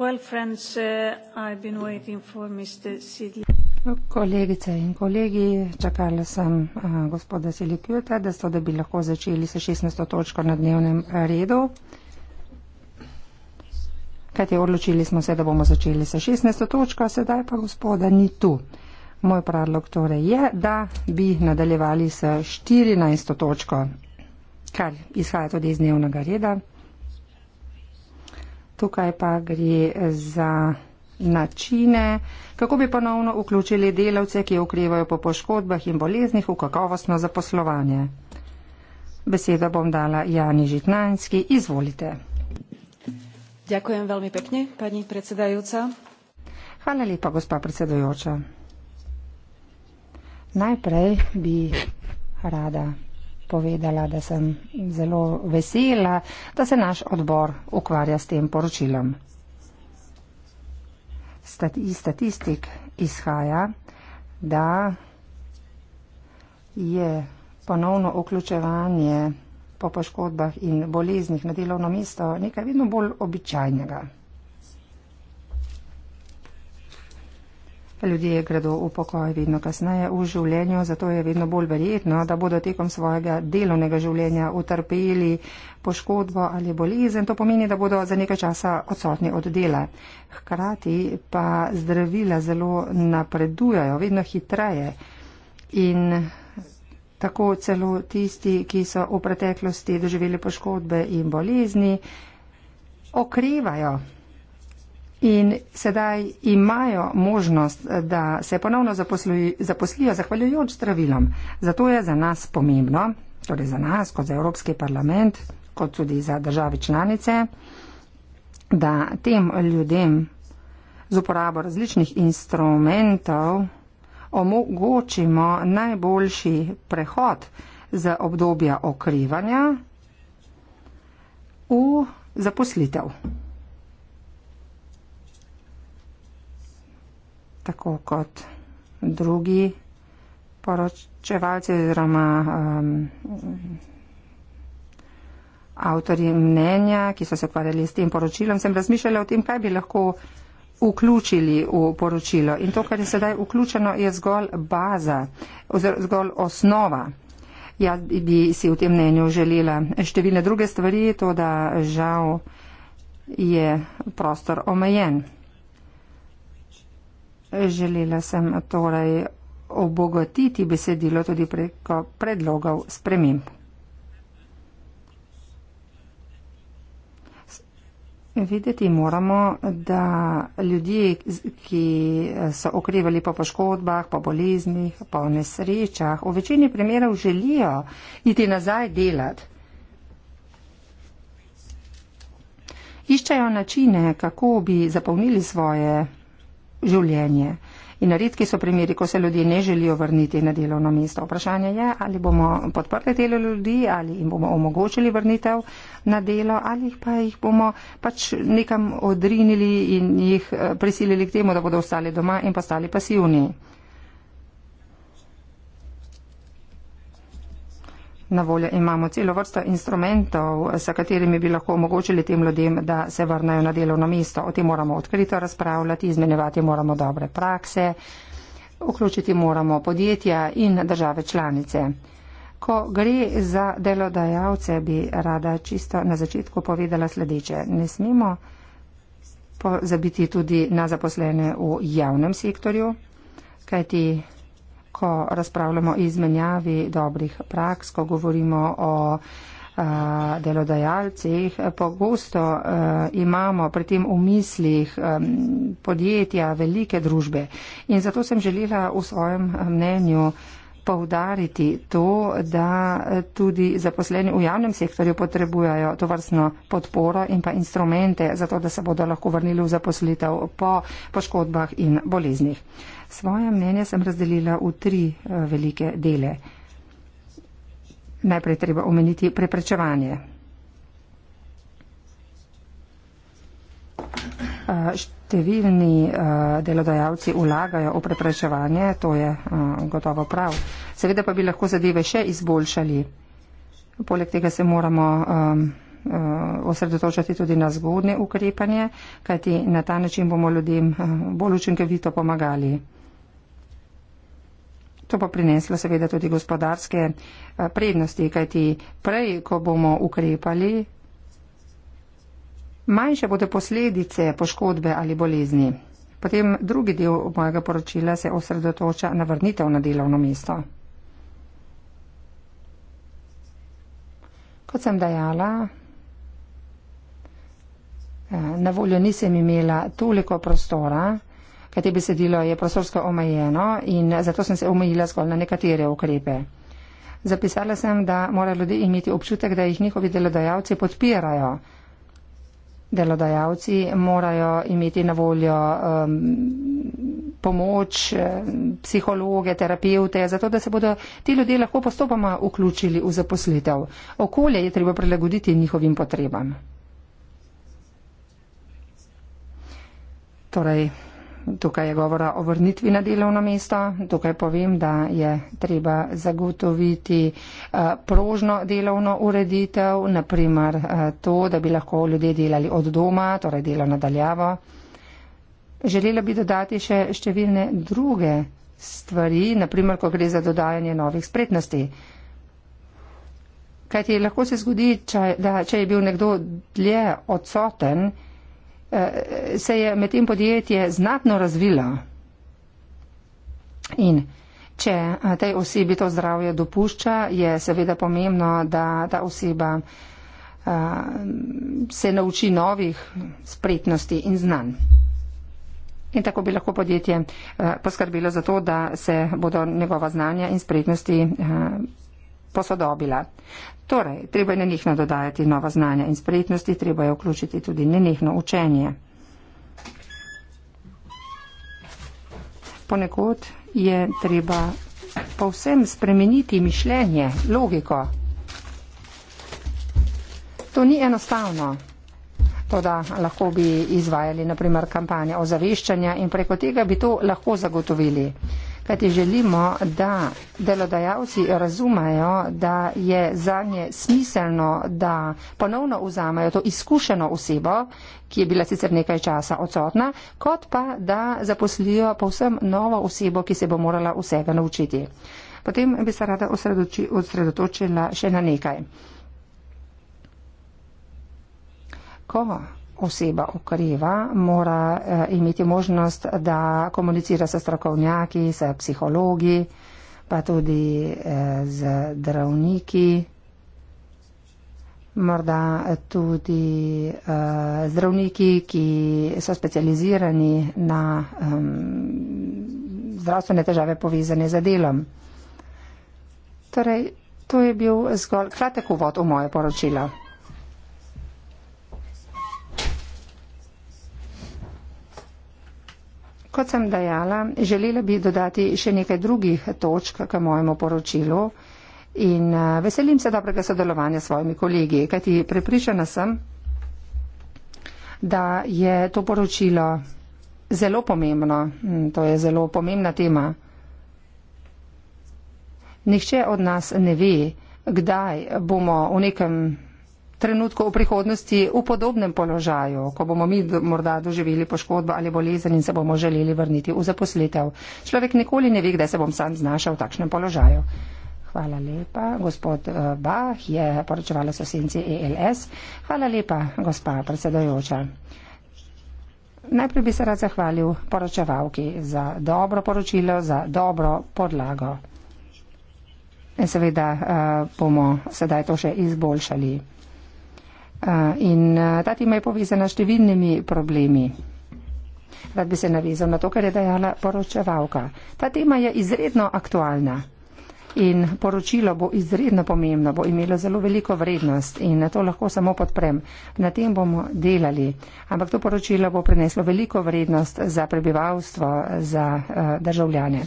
Well, friends, uh, I've been waiting for Mr. Sidley. Kolegice in kolegi, čakala sem a, uh, gospoda Silipjuta, da so da bi lahko začeli se 16. točko na dnevnem redu. Kajti odločili smo se, da bomo začeli se 16. točko, sedaj pa gospoda ni tu. Moj predlog torej je, da bi nadaljevali se 14. točko, kar izhaja tudi iz dnevnega reda. Tukaj pa gre za načine, kako bi ponovno vključili delavce, ki okrevajo po poškodbah in boleznih v kakovostno zaposlovanje. Besedo bom dala Jani Žitnanski. Izvolite. Ďakujem veľmi pekne, pani predsedajúca. Hvala lepa, gospa predsedajúča. Najprej bi rada povedala, da sem zelo vesela, da se naš odbor ukvarja s tem poročilom. Iz statistik izhaja, da je ponovno vključevanje po poškodbah in boleznih na delovno mesto nekaj vedno bolj običajnega. Ljudje gredo v pokoj vedno kasneje v življenju, zato je vedno bolj verjetno, da bodo tekom svojega delovnega življenja utrpeli poškodbo ali bolezen. To pomeni, da bodo za nekaj časa odsotni od dela. Hkrati pa zdravila zelo napredujajo, vedno hitreje. In tako celo tisti, ki so v preteklosti doživeli poškodbe in bolezni, okrevajo in sedaj imajo možnost, da se ponovno zaposlijo, zaposlijo zahvaljujoč zdravilom. Zato je za nas pomembno, torej za nas, kot za Evropski parlament, kot tudi za države članice, da tem ljudem z uporabo različnih instrumentov omogočimo najboljši prehod z obdobja okrivanja v zaposlitev. tako kot drugi poročevalci oziroma um, avtori mnenja, ki so se ukvarjali s tem poročilom, sem razmišljala o tem, kaj bi lahko vključili v poročilo. In to, kar je sedaj vključeno, je zgolj baza, oziroma zgolj osnova. Jaz bi si v tem mnenju želela številne druge stvari, to da žal je prostor omejen. Želela sem torej obogatiti besedilo tudi preko predlogov sprememb. Videti moramo, da ljudje, ki so okrevali po poškodbah, po boleznih, po nesrečah, v večini primerov želijo iti nazaj delati. Iščejo načine, kako bi zapolnili svoje življenje. In redki so primeri, ko se ljudje ne želijo vrniti na delovno mesto. Vprašanje je, ali bomo podprli delo ljudi, ali jim bomo omogočili vrnitev na delo, ali pa jih bomo pač nekam odrinili in jih eh, prisilili k temu, da bodo ostali doma in postali pasivni. Na voljo imamo celo vrsto instrumentov, s katerimi bi lahko omogočili tem ljudem, da se vrnajo na delovno mesto. O tem moramo odkrito razpravljati, izmenjevati moramo dobre prakse, vključiti moramo podjetja in države članice. Ko gre za delodajalce, bi rada čisto na začetku povedala sledeče. Ne smemo pozabiti tudi na zaposlene v javnem sektorju, kajti ko razpravljamo o izmenjavi dobrih praks, ko govorimo o eh, delodajalcih. Pogosto uh, imamo pri tem v mislih um, podjetja, velike družbe in zato sem želela v svojem mnenju povdariti to, da eh, tudi zaposleni v javnem sektorju potrebujajo to vrstno podporo in pa instrumente, zato da se bodo lahko vrnili v zaposlitev po poškodbah in boleznih. Svoje mnenje sem razdelila v tri eh, velike dele. Najprej treba omeniti preprečevanje. Eh, številni eh, delodajalci vlagajo v preprečevanje, to je gotovo prav. Seveda pa bi lahko zadeve še izboljšali. Poleg tega se moramo ehm, osredotočati tudi na zgodne ukrepanje, kajti na ta način bomo ljudem bolj učinkovito pomagali. To pa prineslo seveda tudi gospodarske eh, prednosti, kajti prej, ko bomo ukrepali, manjše bodo posledice poškodbe ali bolezni. Potem drugi del mojega poročila se osredotoča na vrnitev na delovno mesto. Kot sem dejala, eh, na voljo nisem imela toliko prostora, kajte besedilo je prostorsko omejeno in zato sem se omejila zgolj na nekatere ukrepe. Zapisala sem, da mora ljudi imeti občutek, da jih njihovi delodajalci podpirajo. Delodajalci morajo imeti na voljo um, pomoč, eh, psihologe, terapeute, zato da se bodo ti ljudje lahko postopoma vključili v zaposlitev. Okolje je treba prilagoditi njihovim potrebam. Torej, Tukaj je govora o vrnitvi na delovno mesto. Tukaj povem, da je treba zagotoviti eh, prožno delovno ureditev, naprimer eh, to, da bi lahko ljudje delali od doma, torej delo nadaljavo. Želela bi dodati še številne druge stvari, naprimer, ko gre za dodajanje novih spretnosti. Kajti lahko se zgodi, če, da če je bil nekdo dlje odsoten, Eh, se je med tem podjetje znatno razvila. In če eh, tej osebi to zdravje dopušča, je seveda pomembno, da ta oseba eh, se nauči novih spretnosti in znanj. In tako bi lahko podjetje poskrbilo za to, da se bodo njegova znanja in spretnosti posodobila. Torej, treba je nenehno dodajati nova znanja in spretnosti, treba je vključiti tudi nenehno učenje. Ponekod je treba povsem spremeniti mišljenje, logiko. To ni enostavno. Toda lahko bi izvajali naprimer kampanje ozaveščanja in preko tega bi to lahko zagotovili. Kajti želimo, da delodajalci razumejo, da je za nje smiselno, da ponovno vzamajo to izkušeno osebo, ki je bila sicer nekaj časa odsotna, kot pa da zaposlijo povsem novo osebo, ki se bo morala vsega naučiti. Potem bi se rada osredotočila še na nekaj. Ko oseba okreva, mora eh, imeti možnost, da komunicira s strokovnjaki, s psihologi, pa tudi eh, z zdravniki, morda tudi eh, zdravniki, ki so specializirani na ehm, zdravstvene težave povezane z delom. Torej, to je bil zgolj kratek uvod v moje poročilo. Kot sem dejala, želela bi dodati še nekaj drugih točk k mojemu poročilu in eh, veselim se dobrega sodelovanja s svojimi kolegi, kajti prepričana sem, da je to poročilo zelo pomembno. Mm, to je zelo pomembna tema. Nihče od nas ne ve, kdaj bomo v nekem trenutku v prihodnosti v podobnem položaju, ko bomo mi morda doživeli poškodbo ali bolezen in se bomo želeli vrniti v zaposlitev. Človek nikoli ne ve, kdaj se bom sam znašel v takšnem položaju. Hvala lepa. Gospod eh, Bah je poročevala so senci ELS. Hvala lepa, gospa predsedojoča. Najprej bi se rad zahvalil poročevalki za dobro poročilo, za dobro podlago. In seveda uh, bomo sedaj to še izboljšali. In ta tema je povezana s številnimi problemi. Rad bi se navezal na to, kar je dejala poročevalka. Ta tema je izredno aktualna. In poročilo bo izredno pomembno, bo imelo zelo veliko vrednost in na to lahko samo podprem. Na tem bomo delali, ampak to poročilo bo prineslo veliko vrednost za prebivalstvo, za uh, državljane.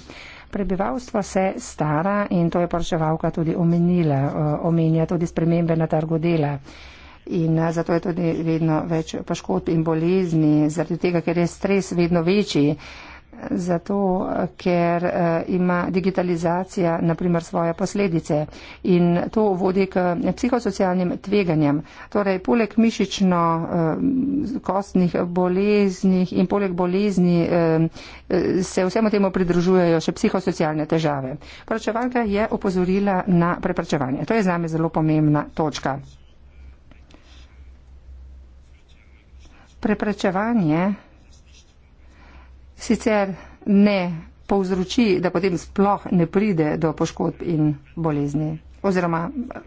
Prebivalstvo se stara in to je poročevalka tudi omenila, uh, omenja tudi spremembe na trgu dela. Uh, in eh, zato je tudi vedno več poškodb in bolezni, zaradi tega, ker je stres vedno večji, zato eh, ker eh, ima digitalizacija naprimer svoje posledice in to vodi k psihosocialnim tveganjem. Torej, poleg mišično-kostnih bolezni in poleg bolezni se vsemu temu pridružujejo še psihosocialne težave. Preprečevanka je opozorila na preprečevanje. To je z nami zelo pomembna točka. preprečevanje sicer ne povzroči, da potem sploh ne pride do poškodb in bolezni. Oziroma eh,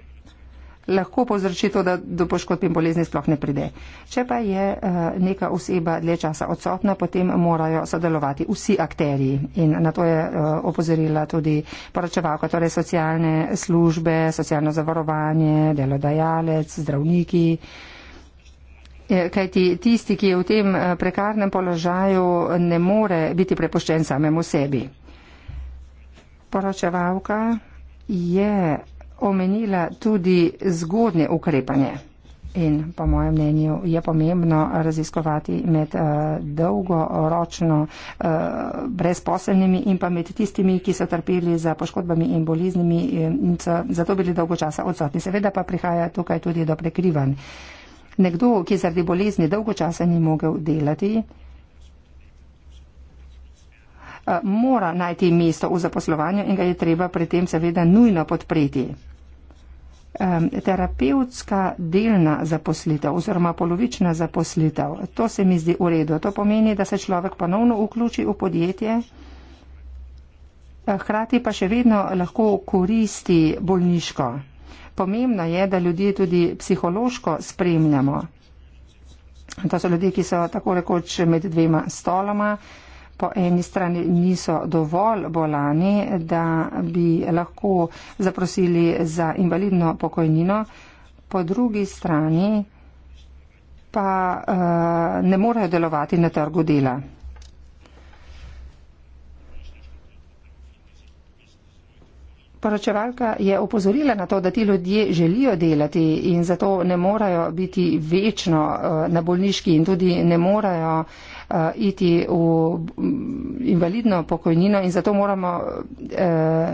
lahko povzroči to, da do poškodb in bolezni sploh ne pride. Če pa je eh, neka oseba dlje časa odsotna, potem morajo sodelovati vsi akteri. In na to je eh, opozorila tudi poročevalka, torej socialne službe, socialno zavarovanje, delodajalec, zdravniki. Eh, Kaj ti tisti, ki je v tem eh, prekarnem položaju, ne more biti prepoščen samemu sebi. Poročevalka je omenila tudi zgodne ukrepanje. In po mojem mnenju je pomembno raziskovati med uh, dolgoročno uh, brezposelnimi in pa med tistimi, ki so trpeli za poškodbami in boliznimi in so zato bili dolgo časa odsotni. Seveda pa prihaja tukaj tudi do prekrivanj. Uh, Nekdo, ki zaradi bolezni dolgo časa ni mogel delati, eh, mora najti mesto v zaposlovanju in ga je treba pri tem seveda nujno podpreti. Terapevtska delna zaposlitev oziroma polovična zaposlitev, to se mi zdi v redu. To pomeni, da se človek ponovno vključi v podjetje, eh, hkrati pa še vedno lahko koristi bolniško. Pomembno je, da ljudje tudi psihološko spremljamo. To so ljudje, ki so tako rekoč med dvema stoloma. Po eni strani niso dovolj bolani, da bi lahko zaprosili za invalidno pokojnino, po drugi strani pa uh, ne morejo delovati na trgu dela. poročevalka je opozorila na to, da ti ljudje želijo delati in zato ne morajo biti večno eh, na bolniški in tudi ne morajo eh, iti v mm, invalidno pokojnino in zato moramo, eh,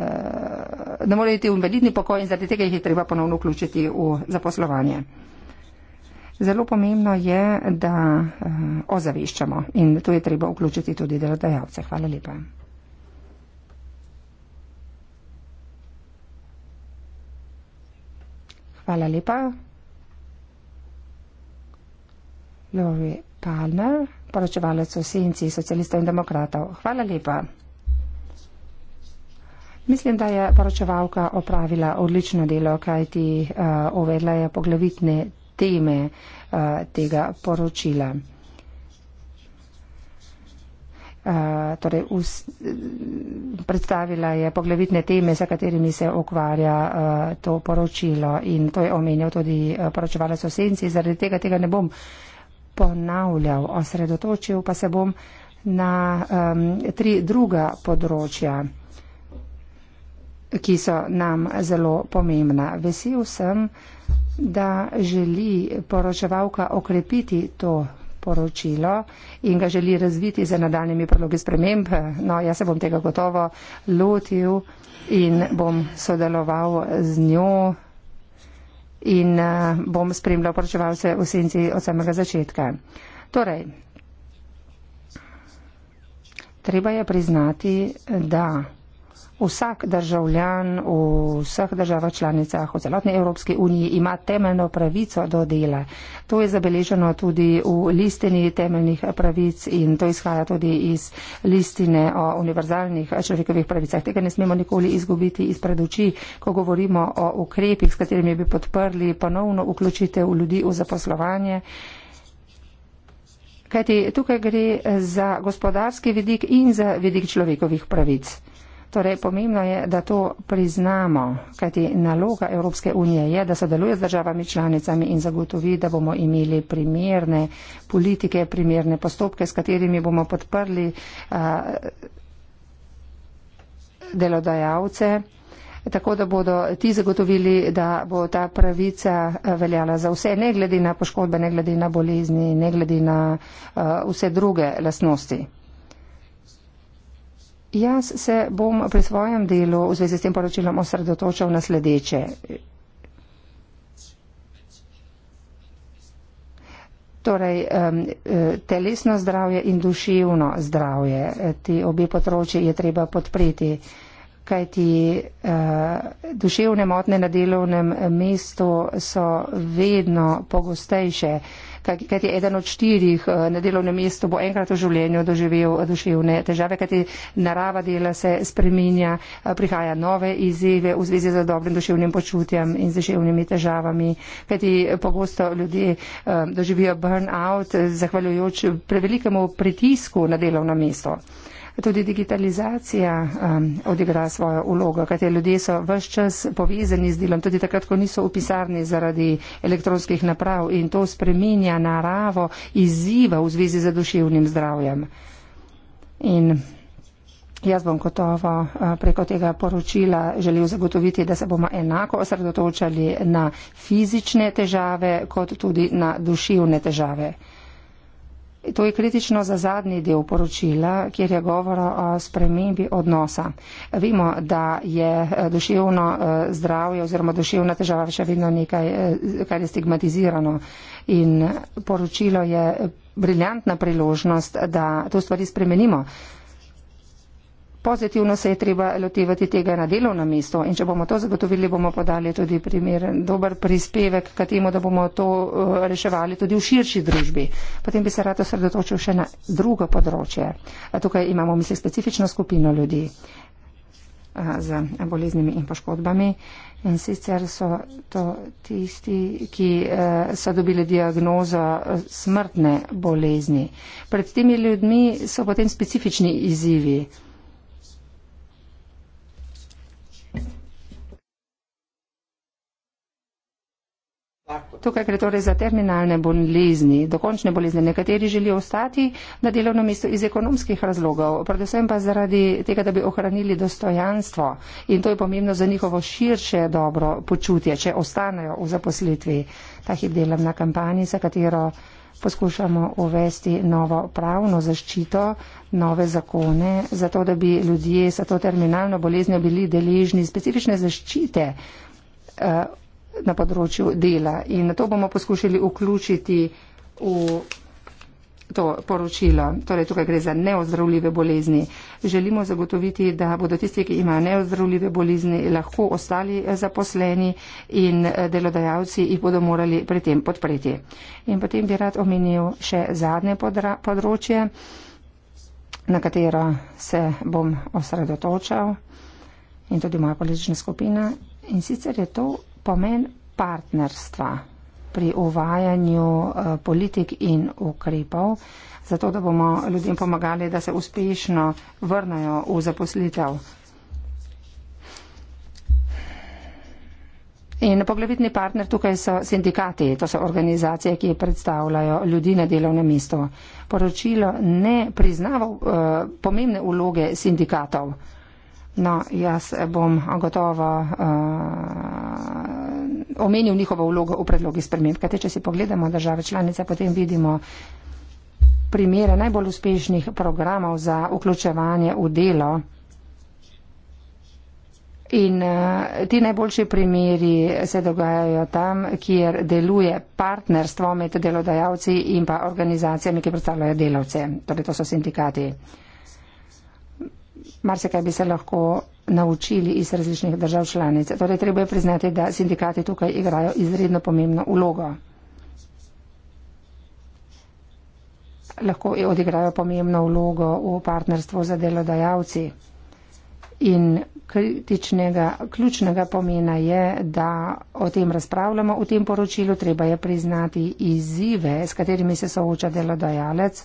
ne morejo iti v invalidni pokoj in zaradi tega jih je treba ponovno vključiti v zaposlovanje. Zelo pomembno je, da ozaveščamo in to je treba vključiti tudi delodajalce. Hvala lepa. Hvala lepa. Lori Palmer, poročevalec v Senci socialistov in demokratov. Hvala lepa. Mislim, da je poročevalka opravila odlično delo, kajti uh, uvedla je poglavitne teme uh, tega poročila. Eh, torej us, predstavila je poglavitne teme, za katerimi se ukvarja eh, to poročilo in to je omenjal tudi eh, poročevala sosenci. Zaradi tega tega ne bom ponavljal, osredotočil pa se bom na um, tri druga področja, ki so nam zelo pomembna. Vesel sem, da želi poročevalka okrepiti to poročilo in ga želi razviti za nadaljnimi prologi sprememb. No, jaz se bom tega gotovo lotil in bom sodeloval z njo in eh, bom spremljal poročevalce v senci od samega začetka. Torej, treba je priznati, da vsak državljan v vseh državah članicah v celotni Evropski uniji ima temeljno pravico do dela. To je zabeleženo tudi v listini temeljnih pravic in to izhaja tudi iz listine o univerzalnih človekovih pravicah. Tega ne smemo nikoli izgubiti iz predoči, ko govorimo o ukrepih, s katerimi bi podprli ponovno vključitev ljudi v zaposlovanje. Kajti tukaj gre za gospodarski vidik in za vidik človekovih pravic. Torej, pomembno je, da to priznamo, kajti naloga Evropske unije je, da sodeluje z državami članicami in zagotovi, da bomo imeli primerne politike, primerne postopke, s katerimi bomo podprli a, delodajalce, tako da bodo ti zagotovili, da bo ta pravica veljala za vse, ne glede na poškodbe, ne glede na bolezni, ne glede na a, vse druge lasnosti. Jaz se bom pri svojem delu v zvezi s tem poročilom osredotočal na sledeče. Torej, e, telesno zdravje in duševno zdravje, e, ti obe področji je treba podpreti, kajti e, duševne motne na delovnem mestu so vedno pogostejše kajti eden od štirih eh, na delovnem mestu bo enkrat v življenju doživel duševne težave, kajti narava dela se spreminja, eh, prihaja nove izzive v zvezi z dobrim duševnim počutjem in z duševnimi težavami, kajti pogosto ljudje eh, doživijo burn-out zahvaljujoč prevelikemu pritisku na delovno mesto tudi digitalizacija um, odigra svojo ulogo, kajte ljudje so vse čas povezani z delom, tudi takrat, ko niso v pisarni zaradi elektronskih naprav in to spreminja naravo izziva v zvezi z duševnim zdravjem. In Jaz bom gotovo uh, preko tega poročila želel zagotoviti, da se bomo enako osredotočali na fizične težave kot tudi na duševne težave. To je kritično za zadnji del poročila, kjer je govora o spremembi odnosa. Vemo, da je eh, duševno eh, zdravje oziroma duševna težava še vedno nekaj, eh, kar je stigmatizirano. In poročilo je briljantna priložnost, da to stvari spremenimo pozitivno se je treba lotevati tega na delovnem mestu in če bomo to zagotovili, bomo podali tudi primer, dober prispevek k temu, da bomo to eh, reševali tudi v širši družbi. Potem bi se rado sredotočil še na drugo področje. Tukaj imamo, mislim, specifično skupino ljudi eh, z boleznimi in poškodbami in sicer so to tisti, ki eh, so dobili diagnozo smrtne bolezni. Pred temi ljudmi so potem specifični izzivi. Tukaj gre torej za terminalne bolezni, dokončne bolezni. Nekateri želijo ostati na delovnem mestu iz ekonomskih razlogov, predvsem pa zaradi tega, da bi ohranili dostojanstvo. In to je pomembno za njihovo širše dobro počutje, če ostanejo v zaposlitvi. Ta hip delam na kampanji, za katero poskušamo uvesti novo pravno zaščito, nove zakone, zato da bi ljudje za to terminalno boleznjo bili deležni specifične zaščite. Uh, na področju dela. In to bomo poskušali vključiti v to poročilo. Torej, tukaj gre za neozdravljive bolezni. Želimo zagotoviti, da bodo tisti, ki imajo neozdravljive bolezni, lahko ostali eh, zaposleni in eh, delodajalci jih bodo morali pri tem podpreti. In potem bi rad omenil še zadnje področje, na katero se bom osredotočal in tudi moja politična skupina. In sicer je to pomen partnerstva pri uvajanju eh, politik in ukrepov, zato da bomo ljudem pomagali, da se uspešno vrnajo v zaposlitev. In poglavitni partner tukaj so sindikati, to so organizacije, ki predstavljajo ljudi na delovnem mestu. Poročilo ne priznava uh, pomembne uloge sindikatov. No, jaz bom gotovo uh, omenil njihovo vlogo v predlogi sprememb. Kajte, če si pogledamo države članice, potem vidimo primere najbolj uspešnih programov za vključevanje v delo. In uh, ti najboljši primeri se dogajajo tam, kjer deluje partnerstvo med delodajalci in pa organizacijami, ki predstavljajo delavce. Torej, to so sindikati. Uh, marsikaj bi se lahko naučili iz različnih držav članic. Torej, treba je priznati, da sindikati tukaj igrajo izredno pomembno ulogo. Lahko odigrajo pomembno ulogo v partnerstvu za delodajalci. In kritičnega, ključnega pomena je, da o tem razpravljamo v tem poročilu, treba je priznati izzive, s katerimi se sooča delodajalec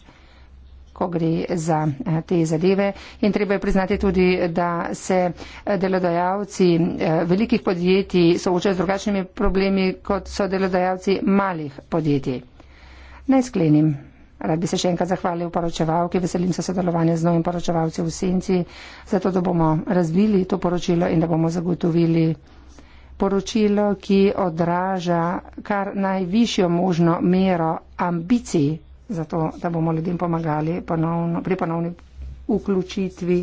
ko gre za eh, te zadeve. In treba je priznati tudi, da se eh, delodajalci eh, velikih podjetij soočajo z drugačnimi problemi, kot so delodajalci malih podjetij. Naj sklenim. Rad bi se še enkrat zahvalil poročevalki, veselim se sodelovanja z novim poročevalcem v Senci, zato da bomo razvili to poročilo in da bomo zagotovili poročilo, ki odraža kar najvišjo možno mero ambicij zato da bomo ljudem pomagali ponovno, pri ponovni vključitvi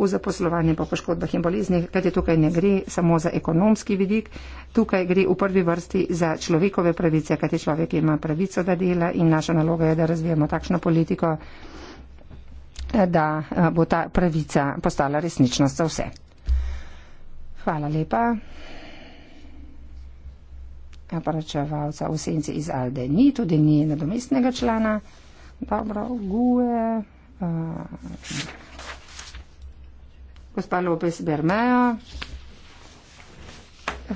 v zaposlovanje po poškodbah in boleznih, kajti tukaj ne gre samo za ekonomski vidik, tukaj gre v prvi vrsti za človekove pravice, kajti človek ima pravico, da dela in naša naloga je, da razvijemo takšno politiko, da eh, bo ta pravica postala resničnost za vse. Hvala lepa aparačevalca v senci iz Alde ni, tudi ni nadomestnega člana. Dobro, Gue. Eh, gospa Lopez Bermejo.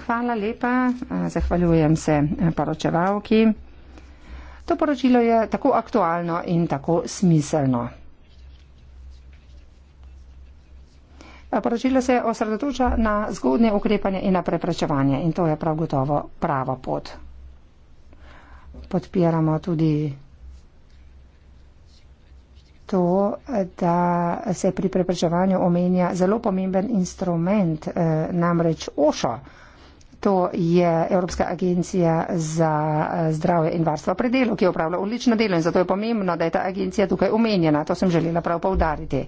Hvala lepa, eh, zahvaljujem se eh, poročevalki. To poročilo je tako aktualno in tako smiselno. Poročilo se osredotoča na zgodne ukrepanje in na preprečevanje in to je prav gotovo prava pot. Podpiramo tudi to, da se pri preprečevanju omenja zelo pomemben instrument, eh, namreč OŠO. To je Evropska agencija za eh, zdravje in varstvo pri delu, ki opravlja odlično delo in zato je pomembno, da je ta agencija tukaj omenjena. To sem želela prav povdariti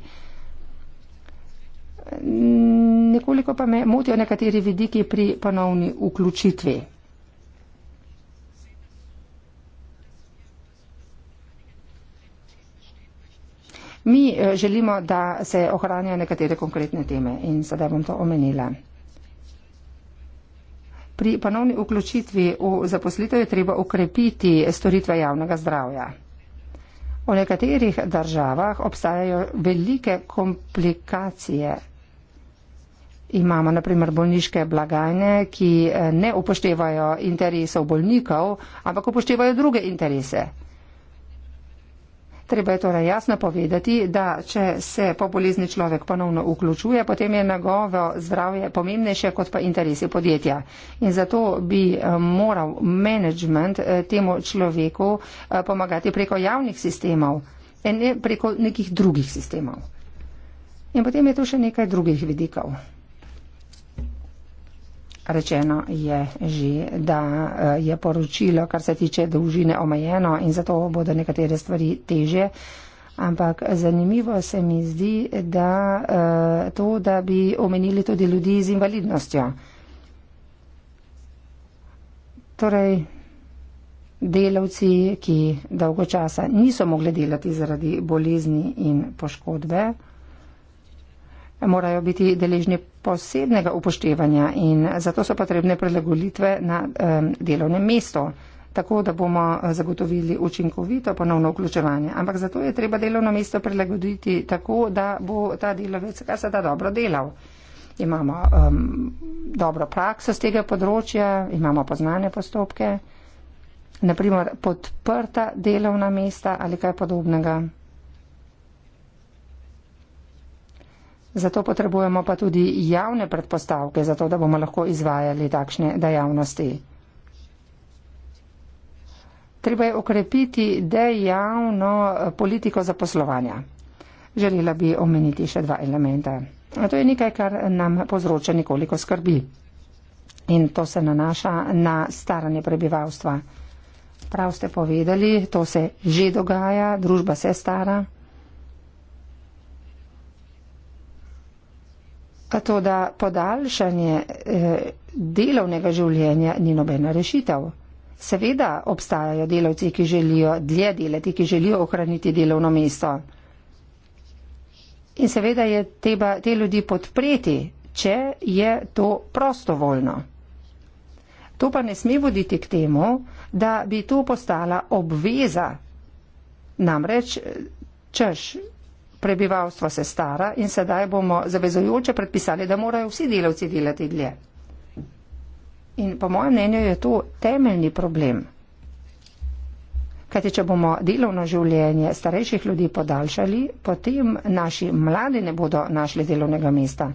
nekoliko pa me motijo nekateri vidiki pri ponovni vključitvi. Mi eh, želimo, da se ohranjajo nekatere konkretne teme in sedaj bom to omenila. Pri ponovni vključitvi v zaposlitev je treba ukrepiti storitve javnega zdravja. V nekaterih državah obstajajo velike komplikacije Imamo naprimer bolniške blagajne, ki eh, ne upoštevajo interesov bolnikov, ampak upoštevajo druge interese. Treba je torej jasno povedati, da če se po bolezni človek ponovno vključuje, potem je njegovo zdravje pomembnejše kot pa interesi podjetja. In zato bi eh, moral management eh, temu človeku pomagati preko javnih sistemov in ne preko nekih drugih sistemov. In potem je tu še nekaj drugih vidikov. Rečeno je že, da eh, je poročilo, kar se tiče dolžine, omejeno in zato bodo nekatere stvari teže. Ampak zanimivo se mi zdi, da eh, to, da bi omenili tudi ljudi z invalidnostjo. Torej, delavci, ki dolgo časa niso mogli delati zaradi bolezni in poškodbe morajo biti deležni posebnega upoštevanja in zato so potrebne prilagoditve na delovnem mestu, tako da bomo eh, zagotovili učinkovito ponovno vključevanje. Ampak zato je treba delovno mesto prilagoditi tako, da bo ta delovec kar se da dobro delal. Imamo um, dobro prakso z tega področja, imamo poznane postopke, naprimer podprta delovna mesta ali kaj podobnega. Zato potrebujemo pa tudi javne predpostavke, zato da bomo lahko izvajali takšne dejavnosti. Treba je okrepiti dejavno eh, politiko zaposlovanja. Želela bi omeniti še dva elementa. A to je nekaj, kar nam povzroča nekoliko skrbi. In to se nanaša na staranje prebivalstva. Prav ste povedali, to se že dogaja, družba se stara. Tako da podaljšanje eh, delovnega življenja ni nobena rešitev. Seveda obstajajo delavci, ki želijo dlje delati, ki želijo ohraniti delovno mesto. In seveda je treba te ljudi podpreti, če je to prostovoljno. To pa ne sme voditi k temu, da bi to postala obveza. Namreč, češ, prebivalstvo se stara in sedaj bomo zavezojoče predpisali, da morajo vsi delavci delati dlje. In po mojem mnenju je to temeljni problem. Kajti, če bomo delovno življenje starejših ljudi podaljšali, potem naši mladi ne bodo našli delovnega mesta.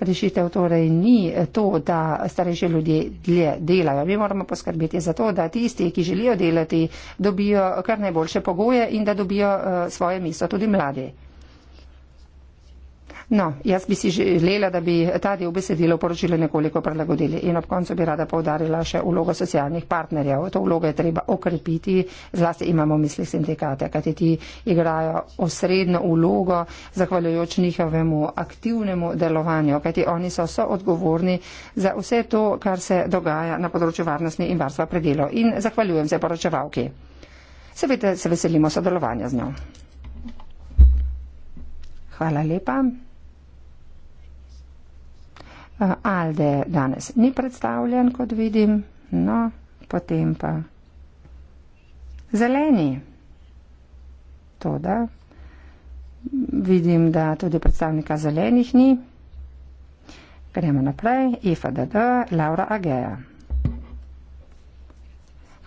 Rešitev torej ni to, da starejši ljudje dlje delajo. Mi moramo poskrbeti za to, da tisti, ki želijo delati, dobijo kar najboljše pogoje in da dobijo eh, svoje mesto tudi mladi. No, jaz bi si želela, da bi ta del besedila v poročilu nekoliko prilagodili in ob koncu bi rada povdarila še vlogo socialnih partnerjev. To vlogo je treba okrepiti, zlasti imamo v mislih sindikate, kajti ti igrajo osredno vlogo zahvaljujoč njihovemu aktivnemu delovanju, kajti oni so so odgovorni za vse to, kar se dogaja na področju varnosti in varstva predelo. In zahvaljujem se poročevalki. Seveda se veselimo sodelovanja z njo. Hvala lepa. Eh, Alde danes ni predstavljen, kot vidim, no, potem pa zeleni. To da, vidim, da tudi predstavnika zelenih ni. Gremo naprej, IFDD, Laura Ageja.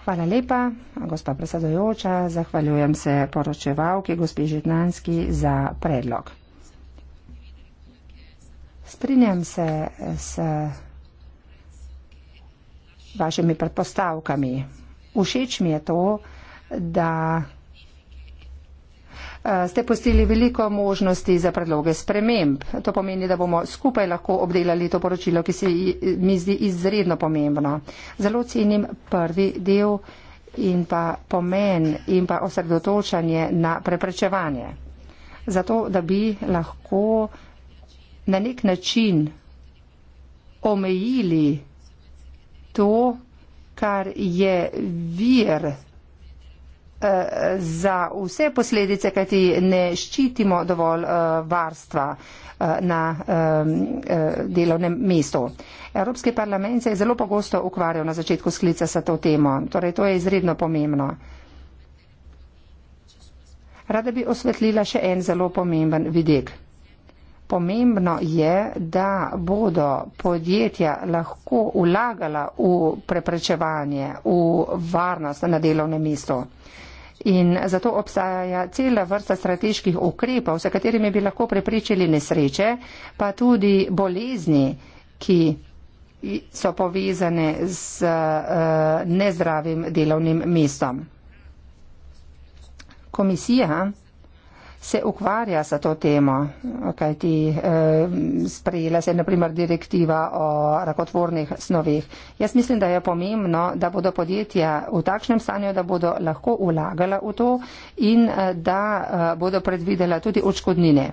Hvala lepa, gospa predsedojoča, zahvaljujem se poročevalki, gospi Žitnanski, za predlog. Strinjam se s vašimi predpostavkami. Všeč mi je to, da eh, ste postili veliko možnosti za predloge sprememb. To pomeni, da bomo skupaj lahko obdelali to poročilo, ki se mi zdi izredno pomembno. Zelo cenim prvi del in pa pomen in pa osredotočanje na preprečevanje. Zato, da bi lahko na nek način omejili to, kar je vir eh, za vse posledice, kajti ne ščitimo dovolj eh, varstva eh, na delovnem mestu. Evropski parlament se je zelo pogosto ukvarjal na začetku sklica sa to temo. Torej, to je izredno pomembno. Rada bi osvetlila še en zelo pomemben vidik pomembno je, da bodo podjetja lahko ulagala v preprečevanje, v varnost na delovnem mestu. In zato obstaja cela vrsta strateških ukrepov, s katerimi bi lahko preprečili nesreče, pa tudi bolezni, ki so povezane z eh, nezdravim delovnim mestom. Komisija se ukvarja sa to temo, kajti eh, sprejela se je naprimer direktiva o rakotvornih snovih. Jaz mislim, da je pomembno, da bodo podjetja v takšnem stanju, da bodo lahko ulagala v to in eh, da eh, bodo predvidela tudi odškodnine.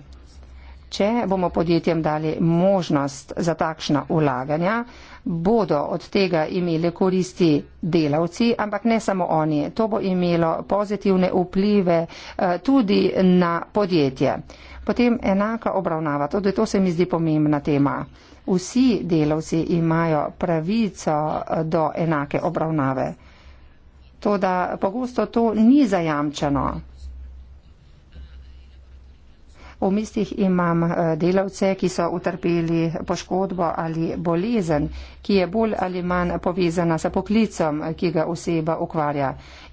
Če bomo podjetjem dali možnost za takšna ulaganja, bodo od tega imeli koristi delavci, ampak ne samo oni. To bo imelo pozitivne vplive eh, tudi na podjetje. Potem enaka obravnava, tudi to se mi zdi pomembna tema. Vsi delavci imajo pravico eh, do enake obravnave. To, da pogosto to ni zajamčeno. V mislih imam eh, delavce, ki so utrpeli poškodbo ali bolezen, ki je bolj ali manj povezana sa poklicom, ki ga oseba ukvarja.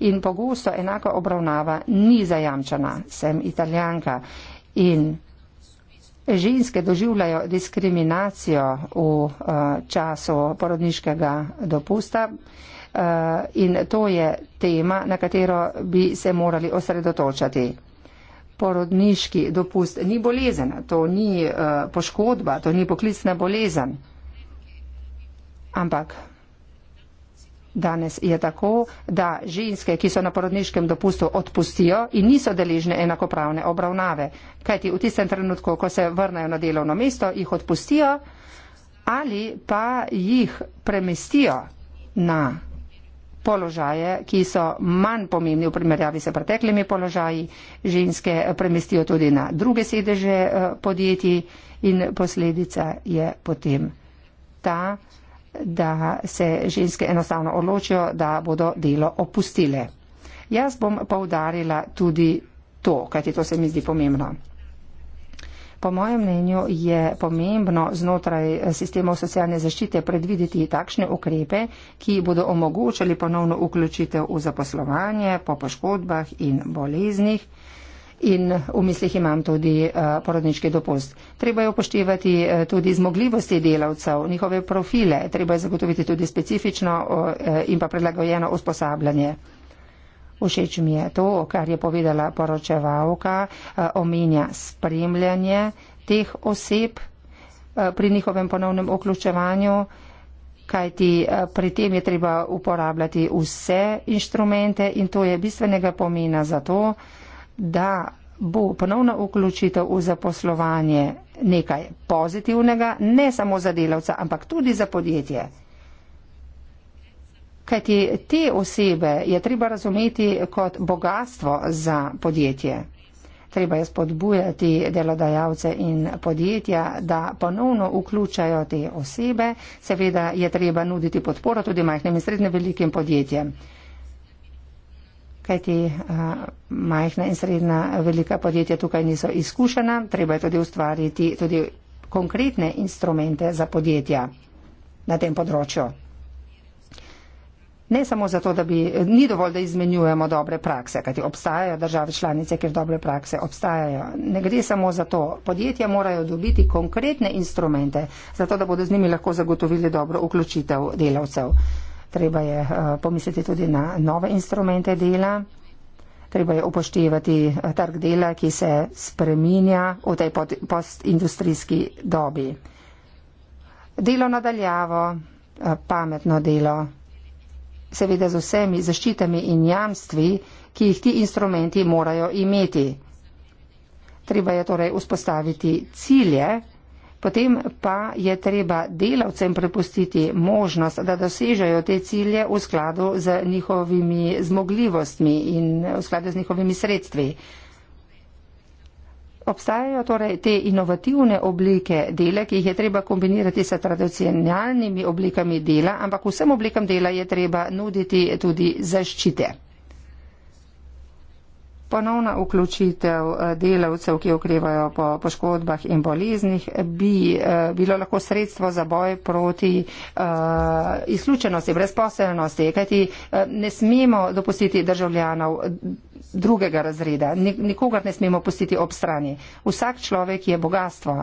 In pogosto enaka obravnava ni zajamčena. Sem italijanka in ženske doživljajo diskriminacijo v eh, času porodniškega dopusta. Eh, in to je tema, na katero bi se morali osredotočati porodniški dopust ni bolezen, to ni uh, poškodba, to ni poklicna bolezen. Ampak danes je tako, da ženske, ki so na porodniškem dopustu, odpustijo in niso deležne enakopravne obravnave. Kajti v tistem trenutku, ko se vrnajo na delovno mesto, jih odpustijo ali pa jih premestijo na položaje, ki so manj pomembni v primerjavi s preteklimi položaji. Ženske premestijo tudi na druge sedeže eh, podjetij in posledica je potem ta, da se ženske enostavno odločijo, da bodo delo opustile. Jaz bom poudarila tudi to, kajti to se mi zdi pomembno. Po mojem mnenju je pomembno znotraj eh, sistemov socialne zaščite predvideti takšne ukrepe, ki bodo omogočali ponovno vključitev v zaposlovanje po poškodbah in boleznih. In v mislih imam tudi eh, porodniški dopust. Treba je upoštevati eh, tudi zmogljivosti delavcev, njihove profile, treba je zagotoviti tudi specifično in pa prilagojeno usposabljanje. Všeč mi je to, kar je povedala poročevalka, eh, omenja spremljanje teh oseb eh, pri njihovem ponovnem vključevanju, kajti eh, pri tem je treba uporabljati vse inštrumente in to je bistvenega pomena za to, da bo ponovna vključitev v zaposlovanje nekaj pozitivnega, ne samo za delavca, ampak tudi za podjetje. Kajti te osebe je treba razumeti kot bogatstvo za podjetje. Treba je spodbujati delodajalce in podjetja, da ponovno vključajo te osebe. Seveda je treba nuditi podporo tudi majhnim in srednjim velikim podjetjem. Kajti uh, majhna in srednja velika podjetja tukaj niso izkušena, treba je tudi ustvariti tudi konkretne instrumente za podjetja na tem področju. Ne samo zato, da bi, ni dovolj, da izmenjujemo dobre prakse, kajti obstajajo države članice, ker dobre prakse obstajajo. Ne gre samo za to. Podjetja morajo dobiti konkretne instrumente, zato da bodo z njimi lahko zagotovili dobro vključitev delavcev. Treba je uh, pomisliti tudi na nove instrumente dela. Treba je upoštevati eh, trg dela, ki se spreminja v tej postindustrijski dobi. Delo nadaljavo, eh, pametno delo, seveda z vsemi zaščitami in jamstvi, ki jih ti instrumenti morajo imeti. Treba je torej vzpostaviti cilje, potem pa je treba delavcem prepustiti možnost, da dosežejo te cilje v skladu z njihovimi zmogljivostmi in v skladu z njihovimi sredstvi. Obstajajo torej te inovativne oblike dela, ki jih je treba kombinirati s tradicionalnimi oblikami dela, ampak vsem oblikam dela je treba nuditi tudi zaščite. Ponovna vključitev eh, delavcev, ki okrevajo po poškodbah in boliznih, bi eh, bilo lahko sredstvo za boj proti uh, izključenosti, brezposelnosti, kajti ne smemo dopustiti državljanov drugega razreda, nikogar ne smemo pustiti ob strani. Vsak človek je bogatstvo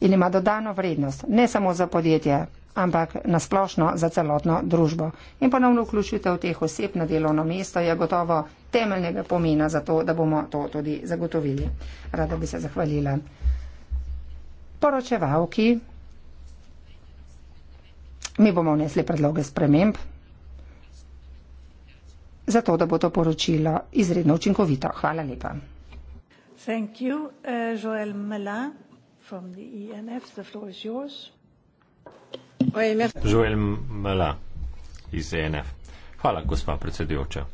in ima dodano vrednost, ne samo za podjetje ampak nasplošno za celotno družbo. In ponovno vključitev teh oseb na delovno mesto je gotovo temeljnega pomena za to, da bomo to tudi zagotovili. Rada bi se zahvalila poročevalki. Mi bomo vnesli predloge sprememb, zato da bo to poročilo izredno učinkovito. Hvala lepa. Thank you, uh, eh, Joel Mela from the ENF. The floor is yours. Joel Mela iz ENF. Hvala, gospa predsedujoča.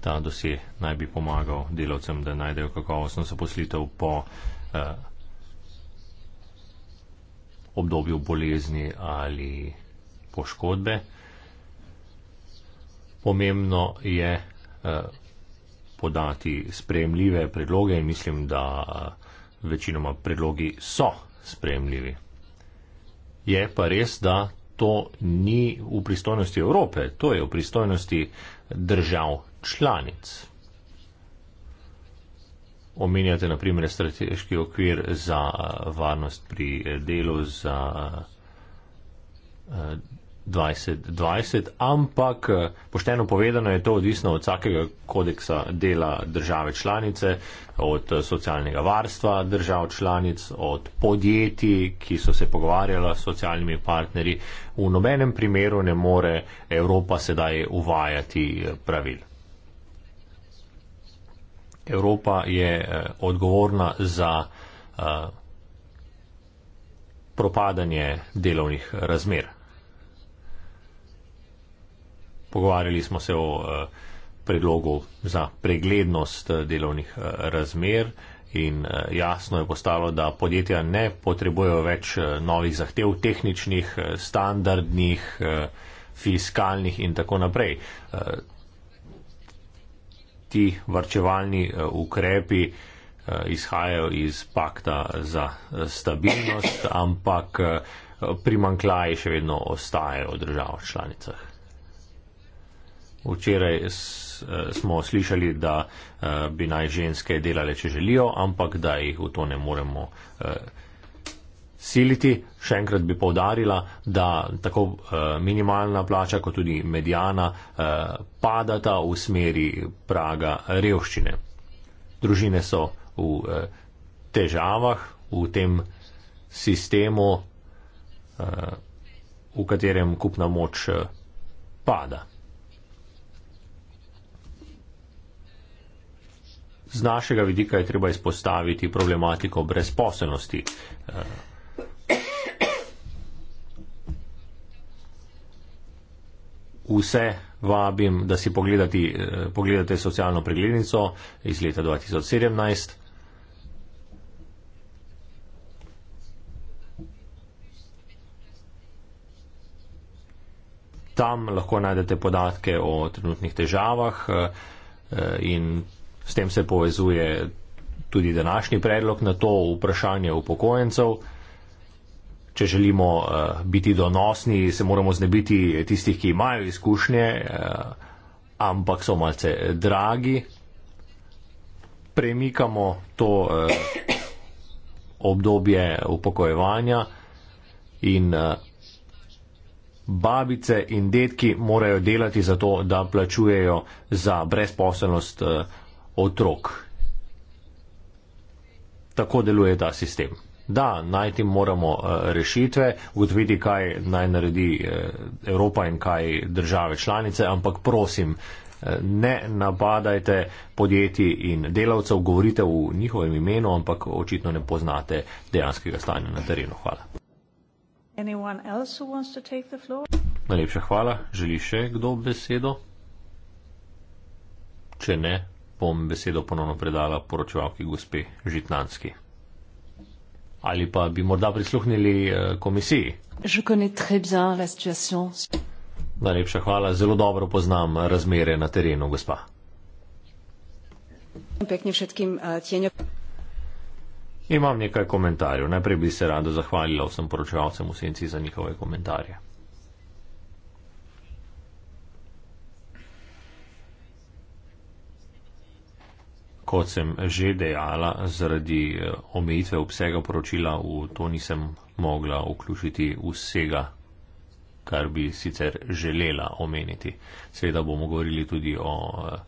Ta dosje naj bi pomagal delavcem, da najdejo kakovostno zaposlitev po eh, obdobju bolezni ali poškodbe. Pomembno je eh, podati sprejemljive predloge in mislim, da eh, večinoma predlogi so sprejemljivi. Je pa res, da to ni v pristojnosti Evrope, to je v pristojnosti držav članic. Omenjate naprimer strateški okvir za eh, varnost pri eh, delu, za eh, 2020, ampak eh, pošteno povedano je to odvisno od vsakega kodeksa dela države članice, od eh, socialnega varstva držav članic, od podjetij, ki so se pogovarjala s socialnimi partnerji. V nobenem primeru ne more Evropa sedaj uvajati eh, pravil. Evropa je odgovorna za propadanje delovnih razmer pogovarjali smo se o eh, predlogu za preglednost eh, delovnih eh, razmer in jasno je postalo, da podjetja ne potrebujejo več novih zahtev, tehničnih, standardnih, fiskalnih in tako naprej. Ti varčevalni ukrepi izhajajo iz pakta za stabilnost, ampak primankljaji še vedno ostajajo v državah članicah. Včeraj eh, smo slišali, da eh, bi naj ženske delale, če želijo, ampak da jih v to ne moremo eh, siliti. Še enkrat bi povdarila, da tako minimalna plača kot tudi medijana padata v smeri praga revščine. Družine so v težavah, v tem sistemu, v katerem kupna moč pada. z našega vidika je treba izpostaviti problematiko brezposelnosti. Vse vabim, da si pogledati, pogledate socialno preglednico iz leta 2017. Tam lahko najdete podatke o trenutnih težavah eh, in S tem se povezuje tudi današnji predlog na to vprašanje upokojencev. Če želimo eh, biti donosni, se moramo znebiti tistih, ki imajo izkušnje, eh, ampak so malce dragi. Premikamo to eh, obdobje upokojevanja in babice in detki morajo delati za to, da plačujejo za brezposelnost otrok. Tako deluje ta sistem. Da, najti moramo eh, rešitve, ugotoviti, kaj naj naredi eh, Evropa in kaj države članice, ampak prosim, eh, ne napadajte podjetij in delavcev, govorite v njihovem imenu, ampak očitno ne poznate dejanskega stanja na terenu. Hvala. Najlepša hvala. Želi še kdo besedo? Če ne, bom besedo ponovno predala poročevalki gospe Žitnanski. Ali pa bi morda prisluhnili eh, komisiji? Najlepša hvala, zelo dobro poznam razmere na terenu, gospa. Eh, Imam nekaj komentarjev. Najprej bi se rada zahvalila vsem poročevalcem v senci za njihove komentarje. kot sem že dejala, zaradi eh, omejitve obsega poročila v to nisem mogla vključiti vsega, kar bi sicer želela omeniti. Seveda bomo govorili tudi o eh,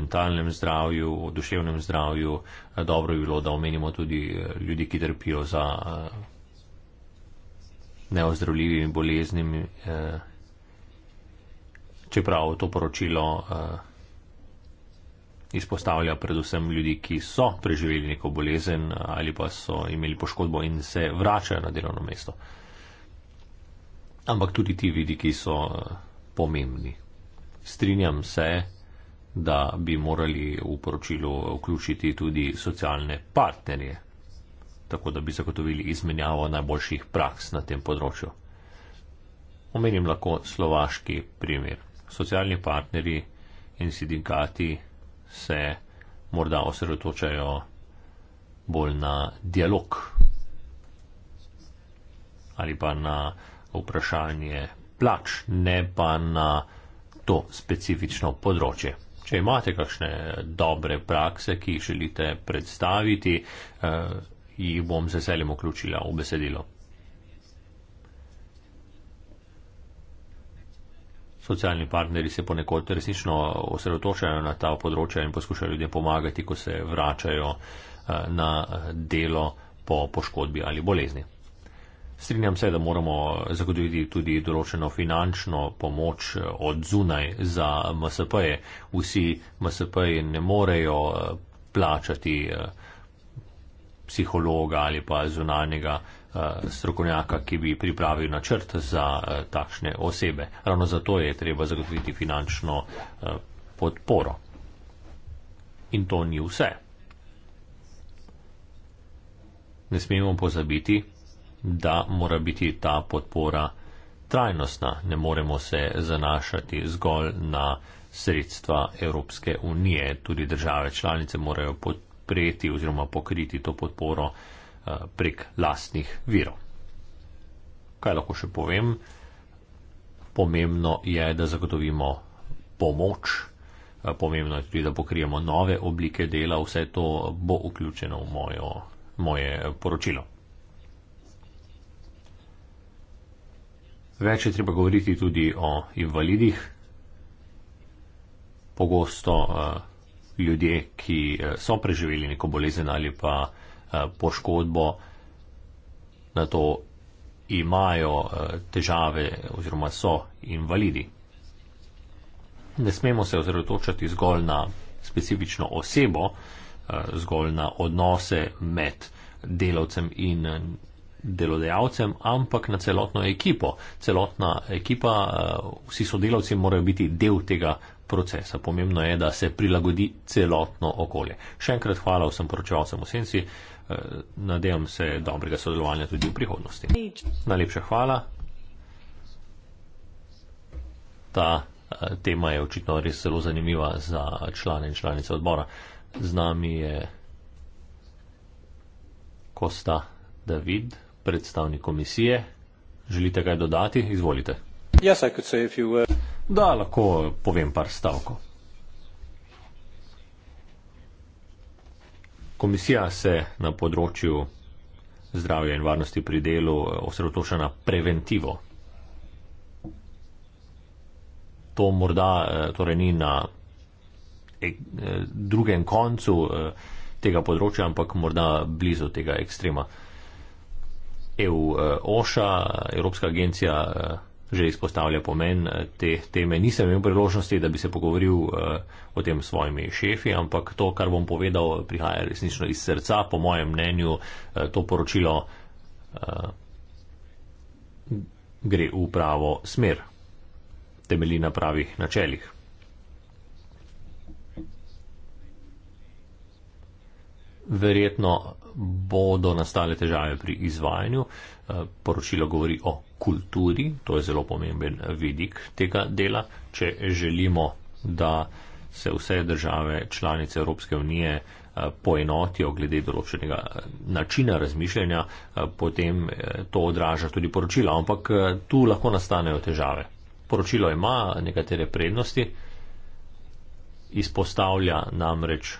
mentalnem zdravju, o duševnem zdravju. Dobro bi bilo, da omenimo tudi eh, ljudi, ki trpijo za neozdravljivimi boleznimi. Čeprav to poročilo uh, izpostavlja predvsem ljudi, ki so preživeli neko bolezen ali pa so imeli poškodbo in se vračajo na delovno mesto. Ampak tudi ti vidiki so eh, pomembni. Strinjam se, da bi morali v poročilu vključiti tudi socialne partnerje, tako da bi zagotovili izmenjavo najboljših praks na tem področju. Omenim lahko slovaški primer. Socialni partnerji in sindikati se morda osredotočajo bolj na dialog ali pa na vprašanje plač, ne pa na to specifično področje. Če imate kakšne dobre prakse, ki jih želite predstaviti, eh, jih bom z veseljem vključila v besedilo. socialni partneri se ponekod resnično osredotočajo na ta področja in poskušajo ljudem pomagati, ko se vračajo eh, na eh, delo po poškodbi ali bolezni. Strinjam se, da moramo zagotoviti tudi določeno finančno pomoč eh, od zunaj za MSP-je. Vsi MSP-ji ne morejo plačati psihologa ali pa zunanjega. Eh, strokovnjaka, ki bi pripravil načrt za eh, takšne osebe. Ravno zato je treba zagotoviti finančno eh, podporo. In to ni vse. Ne smemo pozabiti, da mora biti ta podpora trajnostna. Ne moremo se zanašati zgolj na sredstva Evropske unije. Tudi države članice morajo podpreti oziroma pokriti to podporo uh, Eh, prek lastnih virov. Kaj lahko še povem? Pomembno je, da zagotovimo pomoč, eh, pomembno je tudi, da pokrijemo nove oblike dela, vse to bo vključeno v mojo, moje poročilo. Več je treba govoriti tudi o invalidih. Pogosto eh, ljudje, ki so preživeli neko bolezen ali pa uh, Eh, poškodbo, na to imajo eh, težave oziroma so invalidi. Ne smemo se ozirotočati zgolj na specifično osebo, eh, zgolj na odnose med delavcem in delodajalcem, ampak na celotno ekipo. Celotna ekipa, vsi sodelavci morajo biti del tega procesa. Pomembno je, da se prilagodi celotno okolje. Še enkrat hvala vsem poročevalcem v senci. Eh, nadejam se dobrega sodelovanja tudi v prihodnosti. Najlepša hvala. Ta eh, tema je očitno res zelo zanimiva za člane in članice odbora. Z nami je Kosta David, predstavnik komisije. Želite kaj dodati? Izvolite. Yes, da, lahko povem par stavkov. Komisija se na področju zdravja in varnosti pri delu osredotoča na preventivo. To morda eh, torej ni na eh, drugem koncu eh, tega področja, ampak morda blizu tega ekstrema. EU OŠA, Evropska agencija že izpostavlja pomen eh, te teme. Nisem imel priložnosti, da bi se pogovoril eh, o tem s svojimi šefi, ampak to, kar bom povedal, prihaja resnično iz srca. Po mojem mnenju eh, to poročilo gre v pravo smer, temelji na pravih načeljih. Verjetno bodo nastale težave pri izvajanju, uh, Eh, poročilo govori o kulturi, to je zelo pomemben vidik tega dela. Če želimo, da se vse države članice Evropske unije eh, poenotijo glede določenega eh, načina razmišljanja, potem to odraža tudi poročila. Ampak tu lahko nastanejo težave. Poročilo ima nekatere prednosti, izpostavlja namreč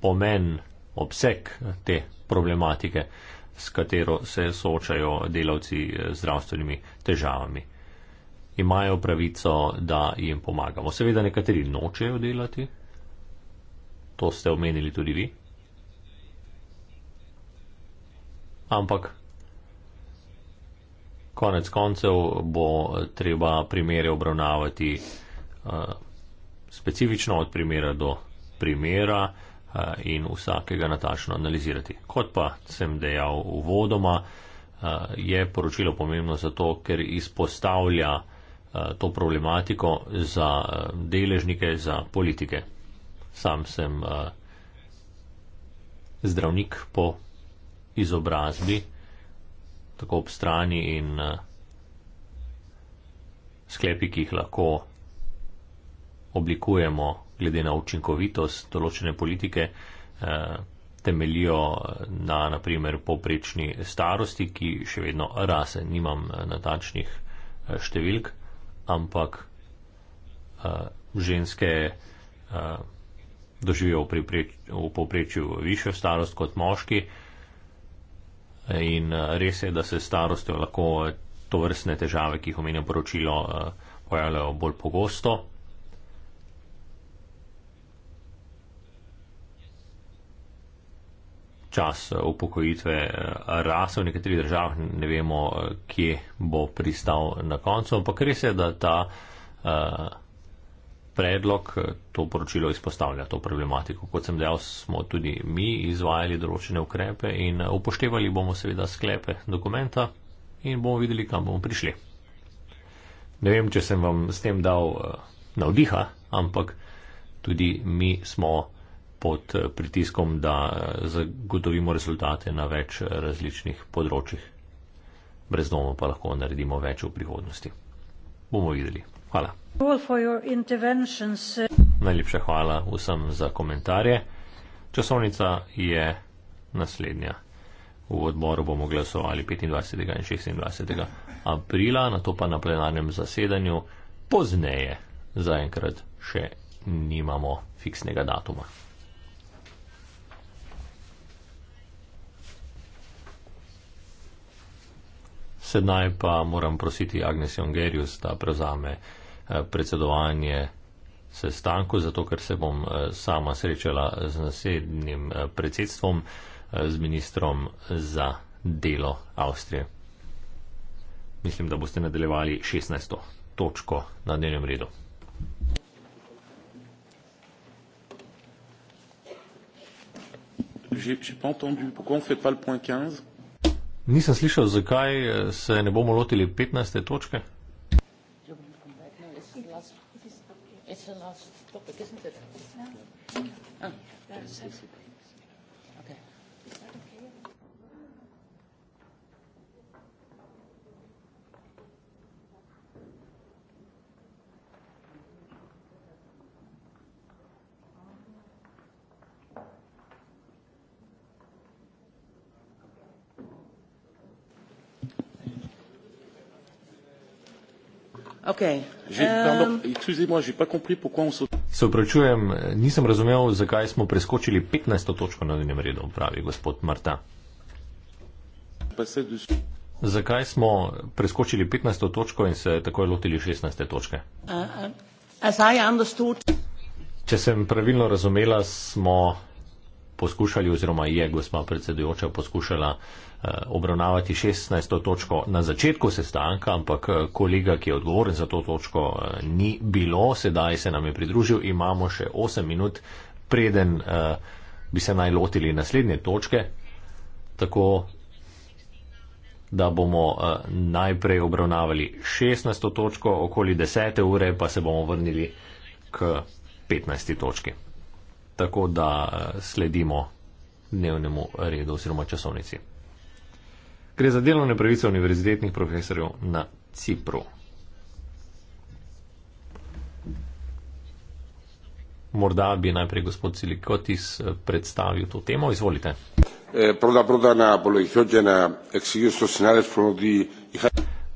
pomen, obseg te problematike, s katero se soočajo delavci z zdravstvenimi težavami. Imajo pravico, da jim pomagamo. Seveda nekateri nočejo delati, to ste omenili tudi vi. Ampak konec koncev bo treba primere obravnavati uh, specifično od primera do primera in vsakega natačno analizirati. Kot pa sem dejal uvodoma, je poročilo pomembno zato, ker izpostavlja to problematiko za deležnike, za politike. Sam sem zdravnik po izobrazbi, tako ob strani in sklepi, ki jih lahko oblikujemo glede na učinkovitost določene politike, eh, temeljijo eh, na naprimer poprečni starosti, ki še vedno rase. Nimam eh, natačnih številk, ampak ženske doživijo v poprečju višjo starost kot moški. In res je, da se starostjo lahko to vrstne težave, ki jih omenja poročilo, pojavljajo bolj pogosto. čas eh, upokojitve eh, rasel v nekaterih državah, ne vemo, eh, kje bo pristal na koncu, ampak res je, da ta predlog to poročilo izpostavlja, to problematiko. Kot sem dejal, smo tudi mi izvajali določene ukrepe in upoštevali bomo seveda sklepe dokumenta in bomo videli, kam bomo prišli. Ne vem, če sem vam s tem dal navdiha, ampak tudi mi smo pod eh, pritiskom, da eh, zagotovimo rezultate na več eh, različnih področjih. Brez domov pa lahko naredimo več v prihodnosti. Bomo videli. Hvala. Najlepša hvala vsem za komentarje. Časovnica je naslednja. V odboru bomo glasovali 25. in 26. aprila, na to pa na plenarnem zasedanju pozneje. Zaenkrat še nimamo fiksnega datuma. sedaj pa moram prositi Agnes Jongerius, da prevzame eh, predsedovanje sestanku, zato ker se bom eh, sama srečala z naslednjim eh, predsedstvom, z ministrom za delo Avstrije. Mislim, da boste nadaljevali 16. točko na dnevnem redu. J'ai pas entendu pourquoi on ne fait pas le point 15. Nisem slišal, zakaj eh, se ne bomo lotili 15. točke. It's the last topic, isn't it? Yeah. Oh. Yeah. Okay. Že, um, pardon, moi, so... Se upravičujem, nisem razumel, zakaj smo preskočili 15. točko na dnevnem redu, pravi gospod Marta. Zakaj smo preskočili 15. točko in se takoj lotili 16. točke? Uh, uh, understood... Če sem pravilno razumela, smo poskušali, oziroma je gospa predsedujoča poskušala eh, obravnavati 16. točko na začetku sestanka, ampak eh, kolega, ki je odgovoren za to točko, eh, ni bilo, sedaj se nam je pridružil, imamo še 8 minut, preden bi se naj lotili naslednje točke. Tako da bomo najprej obravnavali 16. točko, okoli 10. ure pa se bomo vrnili k 15. točki tako da eh, sledimo dnevnemu redu oziroma časovnici. Gre za delovne pravice univerzitetnih profesorjev na Cipru. Morda bi najprej gospod Silikotis eh, predstavil to temo. Izvolite. Eh,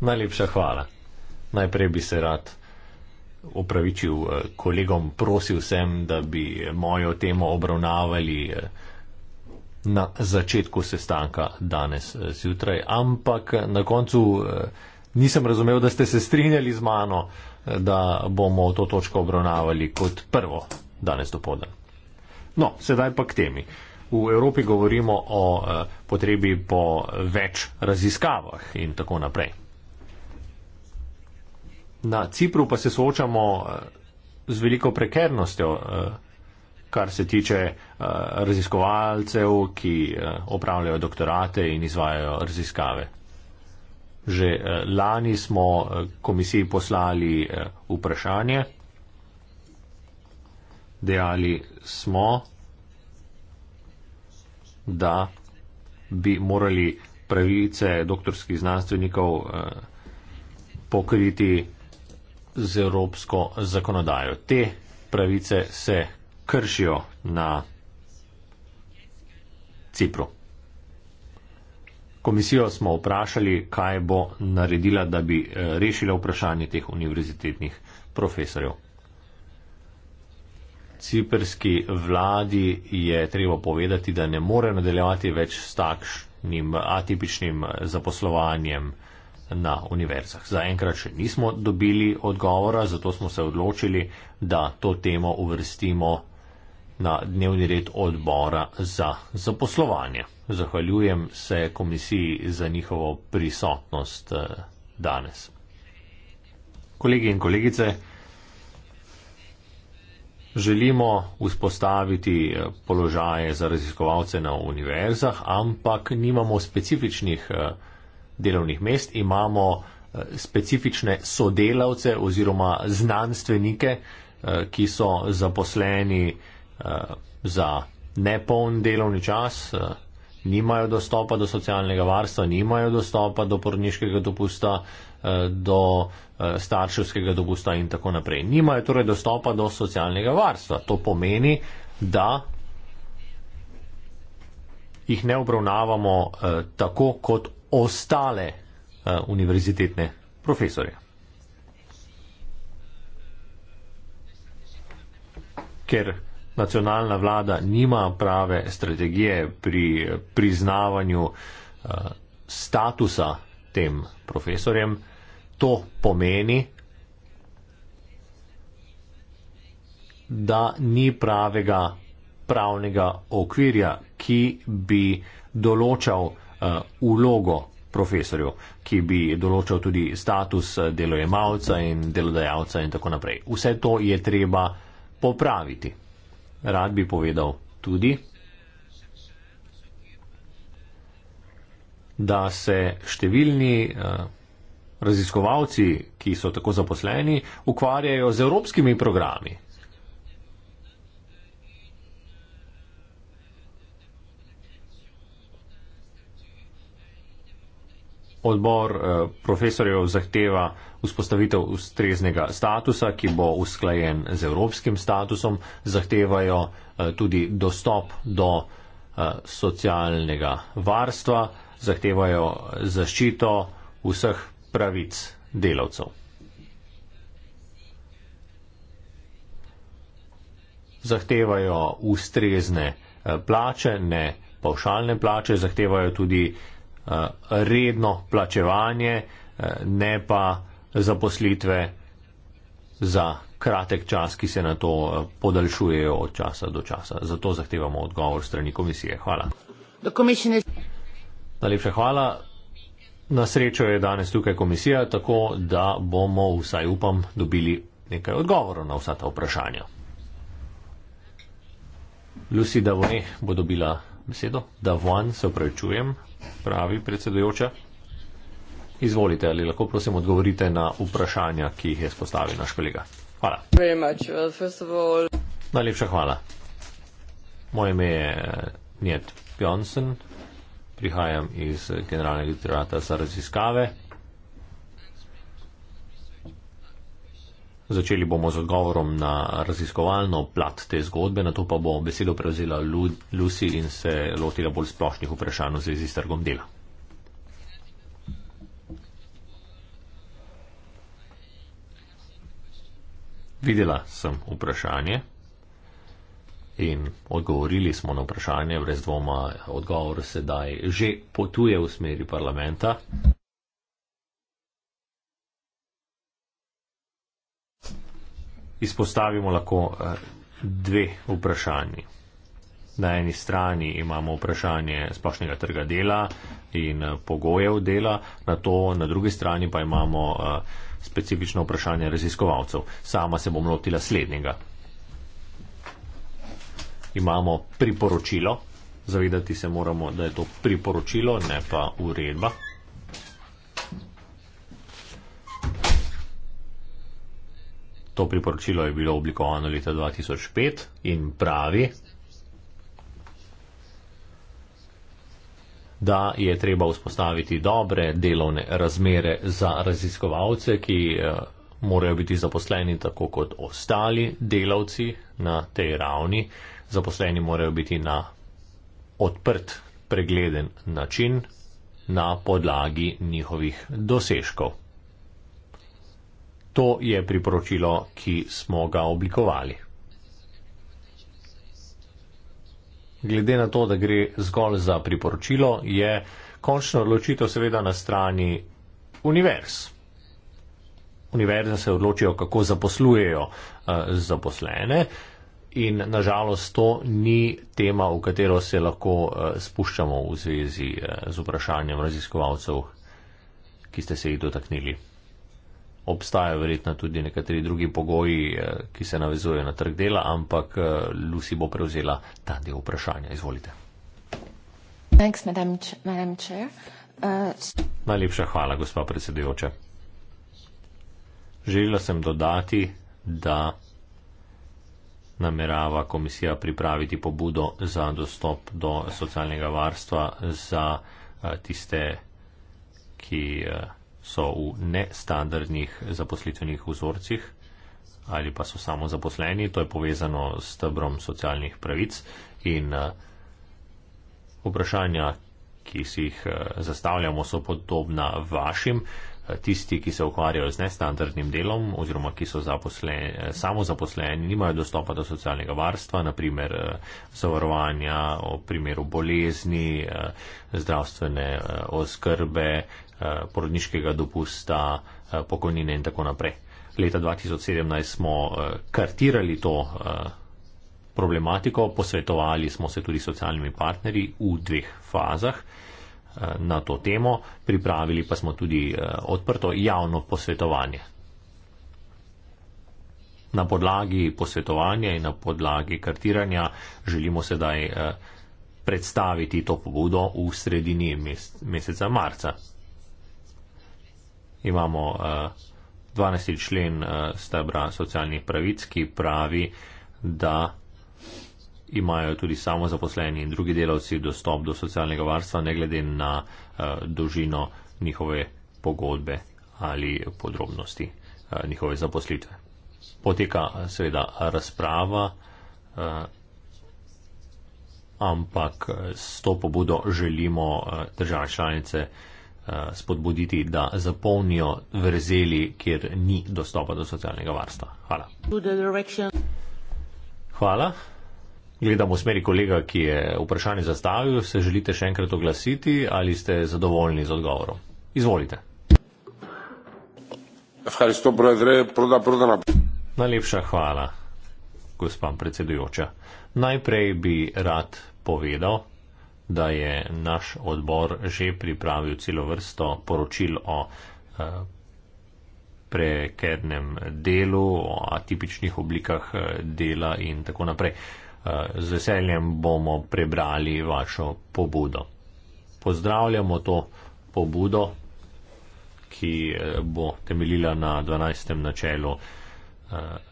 Najlepša hvala. Najprej bi se rad opravičil eh, kolegom, prosil sem, da bi mojo temo obravnavali eh, na začetku sestanka danes eh, zjutraj, ampak na koncu nisem razumel, da ste se strinjali z mano, da bomo to točko obravnavali kot prvo danes do podan. No, sedaj pa k temi. V Evropi govorimo o potrebi po več raziskavah in tako naprej. Na Cipru pa se soočamo eh, z veliko prekernostjo, eh, kar se tiče eh, raziskovalcev, ki opravljajo doktorate in izvajajo raziskave. Že lani smo komisiji poslali vprašanje. Dejali smo, da bi morali pravice doktorskih znanstvenikov pokriti z evropsko zakonodajo. Te pravice se kršijo na Cipru. Komisijo smo vprašali, kaj bo naredila, da bi eh, rešila vprašanje teh univerzitetnih profesorjev. Ciperski vladi je treba povedati, da ne more nadaljevati več s takšnim atipičnim eh, zaposlovanjem na univerzah. Zaenkrat še nismo dobili odgovora, zato smo se odločili, da to temo uvrstimo na dnevni red odbora za zaposlovanje. Zahvaljujem se komisiji za njihovo prisotnost eh, danes. Kolegi in kolegice, želimo vzpostaviti eh, položaje za raziskovalce na univerzah, ampak nimamo specifičnih eh, delovnih mest, imamo eh, specifične sodelavce oziroma znanstvenike, eh, ki so zaposleni eh, za nepoln delovni čas, nimajo dostopa do socialnega varstva, nimajo dostopa do porniškega dopusta, do starševskega dopusta in tako naprej. Nimajo torej dostopa do socialnega varstva. To pomeni, da jih ne obravnavamo eh, tako, kot ostale uh, univerzitetne profesore. Ker nacionalna vlada nima prave strategije pri priznavanju uh, statusa tem profesorjem, to pomeni, da ni pravega pravnega okvirja, ki bi določal, Eh, vlogo profesorjev, ki bi določal tudi status eh, delojemalca in delodajalca in tako naprej. Vse to je treba popraviti. Rad bi povedal tudi, da se številni eh, raziskovalci, ki so tako zaposleni, ukvarjajo z evropskimi programi. odbor eh, profesorjev zahteva vzpostavitev ustreznega statusa, ki bo usklajen z evropskim statusom, zahtevajo eh, tudi dostop do eh, socialnega varstva, zahtevajo zaščito vseh pravic delavcev. Zahtevajo ustrezne plače, ne pavšalne plače, zahtevajo tudi Eh, redno plačevanje, eh, ne pa zaposlitve za kratek čas, ki se na to eh, podaljšujejo od časa do časa. Zato zahtevamo odgovor strani komisije. Hvala. Najlepša hvala. Na srečo je danes tukaj komisija, tako da bomo vsaj upam dobili nekaj odgovorov na vsa ta vprašanja. Lucy Davone bo dobila besedo. Davone, se opravičujem pravi predsedujoča. Izvolite, ali lahko prosim odgovorite na vprašanja, ki jih je spostavil naš kolega. Hvala. Najlepša hvala. Moje ime je eh, Njet Pjonsen, prihajam iz eh, Generalnega direktorata za raziskave. Začeli bomo z odgovorom na raziskovalno plat te zgodbe, na to pa bo besedo prevzela Lucy in se lotila bolj splošnih vprašanj v zvezi s trgom dela. Videla sem vprašanje in odgovorili smo na vprašanje, brez dvoma odgovor sedaj že potuje v smeri parlamenta. izpostavimo lahko eh, dve vprašanji. Na eni strani imamo vprašanje splošnega trga dela in eh, pogojev dela, na, to, na drugi strani pa imamo eh, specifično vprašanje raziskovalcev. Sama se bom lotila slednjega. Imamo priporočilo, zavedati se moramo, da je to priporočilo, ne pa uredba. To priporočilo je bilo oblikovano leta 2005 in pravi, da je treba vzpostaviti dobre delovne razmere za raziskovalce, ki eh, morajo biti zaposleni tako kot ostali delavci na tej ravni. Zaposleni morajo biti na odprt, pregleden način na podlagi njihovih dosežkov. To je priporočilo, ki smo ga oblikovali. Glede na to, da gre zgolj za priporočilo, je končno odločitev seveda na strani univerz. Univerze se odločijo, kako zaposlujejo uh, zaposlene in nažalost to ni tema, v katero se lahko uh, spuščamo v zvezi uh, z vprašanjem raziskovalcev, ki ste se jih dotaknili obstajajo verjetno tudi nekateri drugi pogoji, eh, ki se navezujejo na trg dela, ampak eh, Lucy bo prevzela ta del vprašanja. Izvolite. Thanks, madam, madam uh, Najlepša hvala, gospa predsedujoča. Želela sem dodati, da namerava komisija pripraviti pobudo za dostop do socialnega varstva za uh, tiste, ki. Uh, so v nestandardnih zaposlitvenih vzorcih ali pa so samo zaposleni. To je povezano s tebrom socialnih pravic in eh, vprašanja, ki si jih eh, zastavljamo, so podobna vašim. Eh, tisti, ki se ukvarjajo z nestandardnim delom oziroma ki so zaposleni, samo zaposleni, nimajo dostopa do socialnega varstva, naprimer zavarovanja, v primeru bolezni, zdravstvene oskrbe, Eh, porodniškega dopusta, eh, pokojnine in tako naprej. Leta 2017 smo eh, kartirali to problematiko, posvetovali smo se tudi socialnimi partnerji v dveh fazah na to temo, pripravili pa smo tudi odprto javno posvetovanje. Na podlagi posvetovanja in na podlagi kartiranja želimo sedaj predstaviti to pobudo v sredini meseca marca imamo uh, eh, 12. člen uh, stebra socialnih pravic, ki pravi, da imajo tudi samozaposleni in drugi delavci dostop do socialnega varstva, ne glede na uh, dolžino njihove pogodbe ali podrobnosti uh, njihove zaposlitve. Poteka seveda razprava, uh, ampak s to pobudo želimo uh, države članice uh, Eh, spodbuditi, da zapolnijo vrzeli, kjer ni dostopa do socialnega varstva. Hvala. Hvala. Gledamo v smeri kolega, ki je vprašanje zastavil. Se želite še enkrat oglasiti ali ste zadovoljni z odgovorom? Izvolite. Najlepša hvala, gospod predsedujoča. Najprej bi rad povedal, da je naš odbor že pripravil celo vrsto poročil o eh, prekernem delu, o atipičnih oblikah eh, dela in tako naprej. Eh, z veseljem bomo prebrali vašo pobudo. Pozdravljamo to pobudo, ki bo temeljila na 12. načelu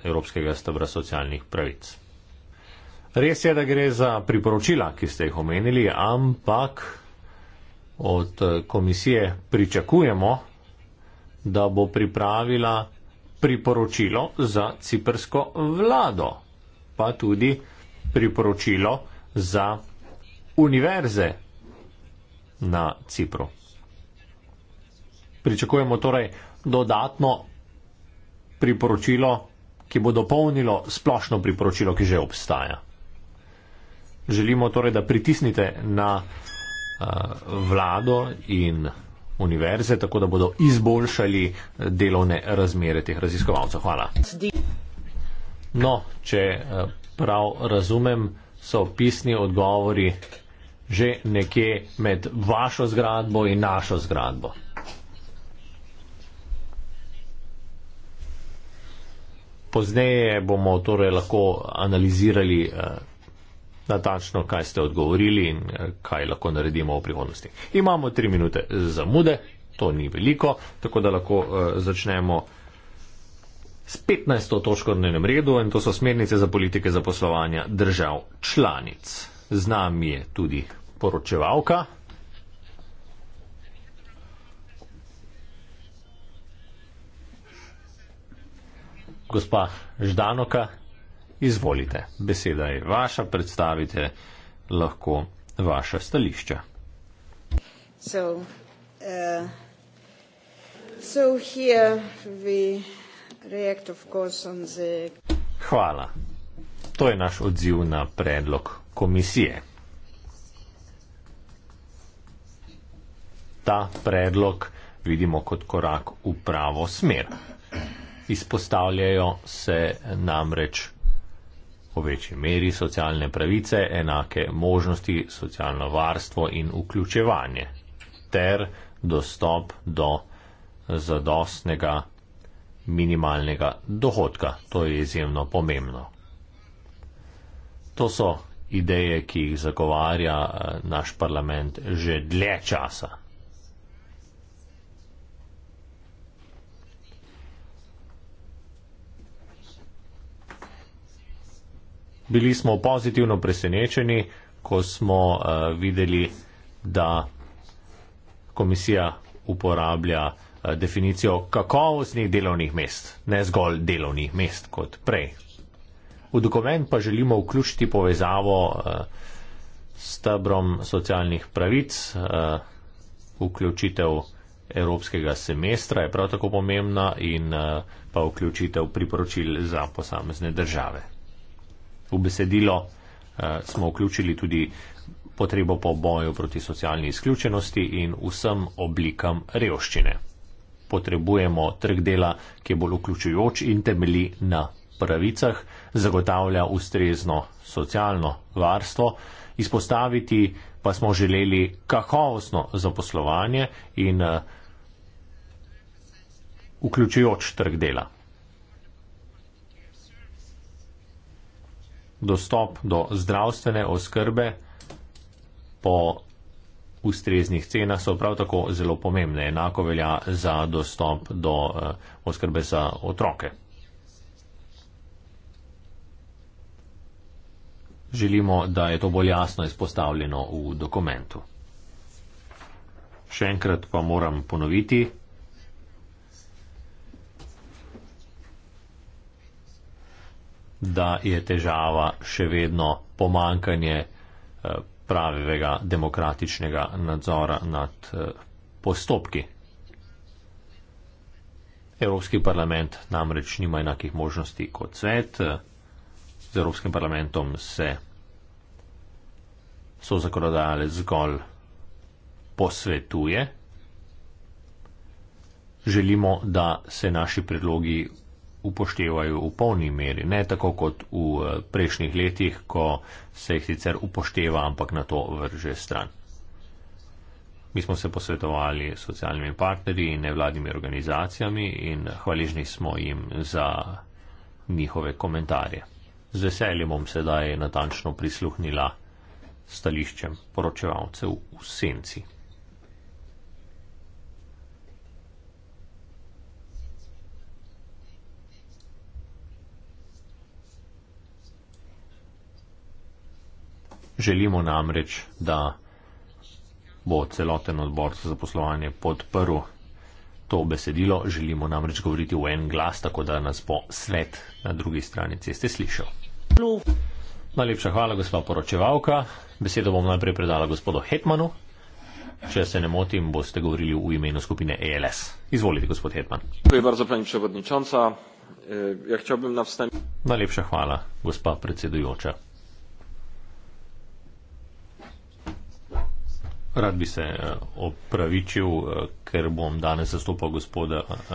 Evropskega stavra socialnih pravic. Res je, da gre za priporočila, ki ste jih omenili, ampak od eh, komisije pričakujemo, da bo pripravila priporočilo za ciprsko vlado, pa tudi priporočilo za univerze na Cipru. Pričakujemo torej dodatno priporočilo, ki bo dopolnilo splošno priporočilo, ki že obstaja. Želimo torej, da pritisnite na uh, vlado in univerze, tako da bodo izboljšali eh, delovne razmere teh raziskovalcev. Hvala. No, če eh, prav razumem, so pisni odgovori že nekje med vašo zgradbo in našo zgradbo. Pozneje bomo torej lahko analizirali uh, natančno, kaj ste odgovorili in eh, kaj lahko naredimo v prihodnosti. Imamo tri minute zamude, to ni veliko, tako da lahko uh, začnemo s 15. točko na enem redu in to so smernice za politike zaposlovanja držav članic. Z nami je tudi poročevalka. Gospa Ždanoka, Izvolite, beseda je vaša, predstavite lahko vaše stališče. So, uh, so react, the... Hvala. To je naš odziv na predlog komisije. Ta predlog vidimo kot korak v pravo smer. Izpostavljajo se namreč v večji meri socialne pravice, enake možnosti, socialno varstvo in vključevanje ter dostop do zadostnega minimalnega dohodka. To je izjemno pomembno. To so ideje, ki jih zagovarja eh, naš parlament že dlje časa. bili smo pozitivno presenečeni, ko smo uh, videli, da komisija uporablja uh, definicijo kakovostnih delovnih mest, ne zgolj delovnih mest kot prej. V dokument pa želimo vključiti povezavo uh, eh, s tabrom socialnih pravic, uh, vključitev evropskega semestra je prav tako pomembna in uh, pa vključitev priporočil za posamezne države. V besedilo uh, smo vključili tudi potrebo po boju proti socialni izključenosti in vsem oblikam revščine. Potrebujemo trg dela, ki je bolj vključujoč in temeli na pravicah, zagotavlja ustrezno socialno varstvo, izpostaviti pa smo želeli kakovostno zaposlovanje in uh, vključujoč trg dela. dostop do zdravstvene oskrbe po ustreznih cenah so prav tako zelo pomembne. Enako velja za dostop do eh, oskrbe za otroke. Želimo, da je to bolj jasno izpostavljeno v dokumentu. Še enkrat pa moram ponoviti, da je težava še vedno pomankanje eh, pravega demokratičnega nadzora nad eh, postopki. Evropski parlament namreč nima enakih možnosti kot svet. Eh, z Evropskim parlamentom se so zakonodajale zgolj posvetuje. Želimo, da se naši predlogi upoštevajo v polni meri, ne tako kot v eh, prejšnjih letih, ko se jih sicer upošteva, ampak na to vrže stran. Mi smo se posvetovali s socialnimi partnerji in nevladnimi organizacijami in hvaližni smo jim za njihove komentarje. Z veseljem bom sedaj natančno prisluhnila stališčem poročevalcev v senci. Želimo namreč, da bo celoten odbor za poslovanje podprl to besedilo. Želimo namreč govoriti v en glas, tako da nas bo svet na drugi strani ceste slišal. Najlepša hvala, gospa poročevalka. Besedo bom najprej predala gospodu Hetmanu. Če se ne motim, boste govorili v imenu skupine ELS. Izvolite, gospod Hetman. Ja Najlepša hvala, gospa predsedujoča. Rad bi se eh, opravičil, eh, ker bom danes zastopal gospoda eh,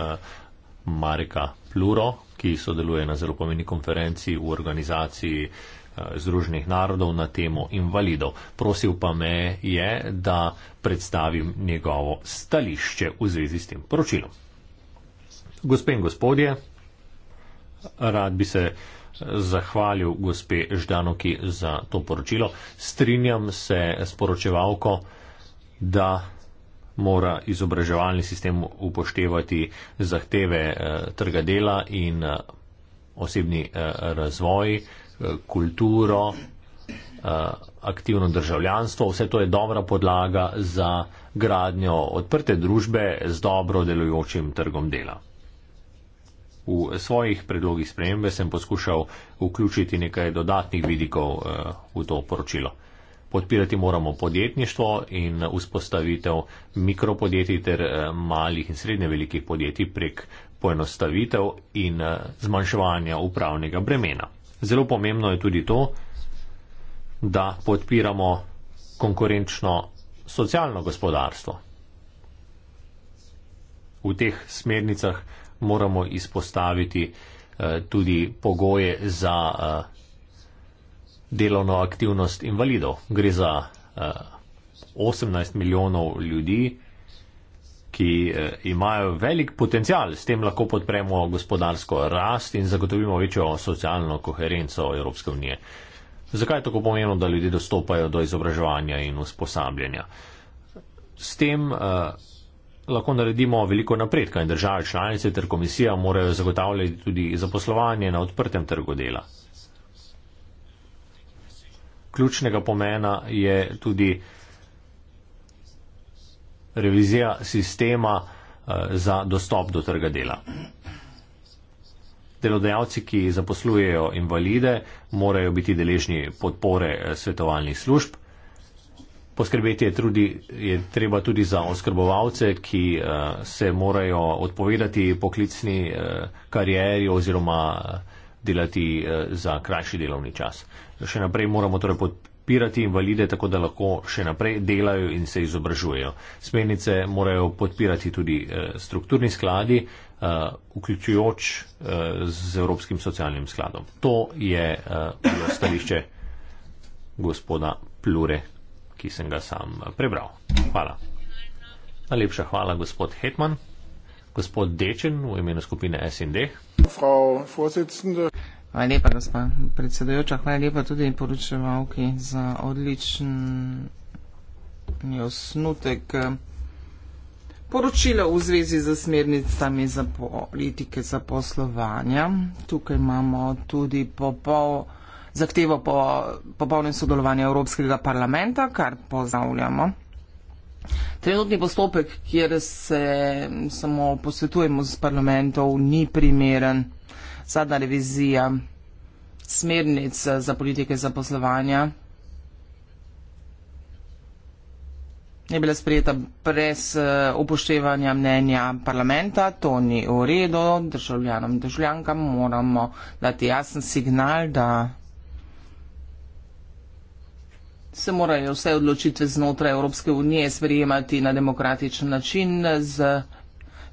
Marika Pluro, ki sodeluje na zelo pomeni konferenci v organizaciji Združenih narodov na temo invalidov. Prosil pa me je, da predstavim njegovo stališče v zvezi s tem poročilom. Gospe in gospodje, rad bi se zahvalil gospe Ždanoki za to poročilo. Strinjam se s poročevalko, da mora izobraževalni sistem upoštevati zahteve eh, trga dela in eh, osebni eh, razvoj, kulturo, aktivno državljanstvo. Vse to je dobra podlaga za gradnjo odprte družbe z dobro delujočim trgom dela. V svojih predlogih spremembe sem poskušal vključiti nekaj dodatnih vidikov v to poročilo podpirati moramo podjetništvo in vzpostavitev mikropodjetij ter eh, malih in srednje velikih podjetij prek poenostavitev in eh, zmanjševanja upravnega bremena. Zelo pomembno je tudi to, da podpiramo konkurenčno socialno gospodarstvo. V teh smernicah moramo izpostaviti eh, tudi pogoje za delovno aktivnost invalidov. Gre za uh, eh, 18 milijonov ljudi, ki uh, imajo velik potencial. S tem lahko podpremo gospodarsko rast in zagotovimo večjo socialno koherenco Evropske unije. Zakaj je tako pomembno, da ljudje dostopajo do izobraževanja in usposabljanja? S tem uh, lahko naredimo veliko napredka in države članice ter komisija morajo zagotavljati tudi zaposlovanje na odprtem trgu dela ključnega pomena je tudi revizija sistema eh, za dostop do trga dela. Delodajalci, ki zaposlujejo invalide, morajo biti deležni podpore eh, svetovalnih služb. Poskrbeti je, trudi, je treba tudi za oskrbovalce, ki uh, se morajo odpovedati poklicni uh, karieri oziroma uh, delati eh, za krajši delovni čas. Še naprej moramo torej podpirati invalide, tako da lahko še naprej delajo in se izobražujejo. Smernice morajo podpirati tudi eh, strukturni skladi, eh, vključujoč z Evropskim socialnim skladom. To je stališče gospoda Plure, ki sem ga sam prebral. Hvala. Najlepša hvala, gospod Hetman. Gospod Dečen v imenu skupine SND. Hvala lepa, gospod predsedujoča. Hvala lepa tudi poročevalki za odličen osnutek eh, poročila v zvezi z smernicami za politike za poslovanja. Tukaj imamo tudi popol zahtevo po popolnem sodelovanju Evropskega parlamenta, kar pozdravljamo. Trenutni postopek, kjer se samo posvetujemo z parlamentov, ni primeren. Zadnja revizija smernic za politike zaposlovanja je bila sprejeta brez eh, upoštevanja mnenja parlamenta. To ni v redu. Državljanom in državljankam moramo dati jasen signal, da se morajo vse odločitve znotraj Evropske unije sprejemati na demokratičen način z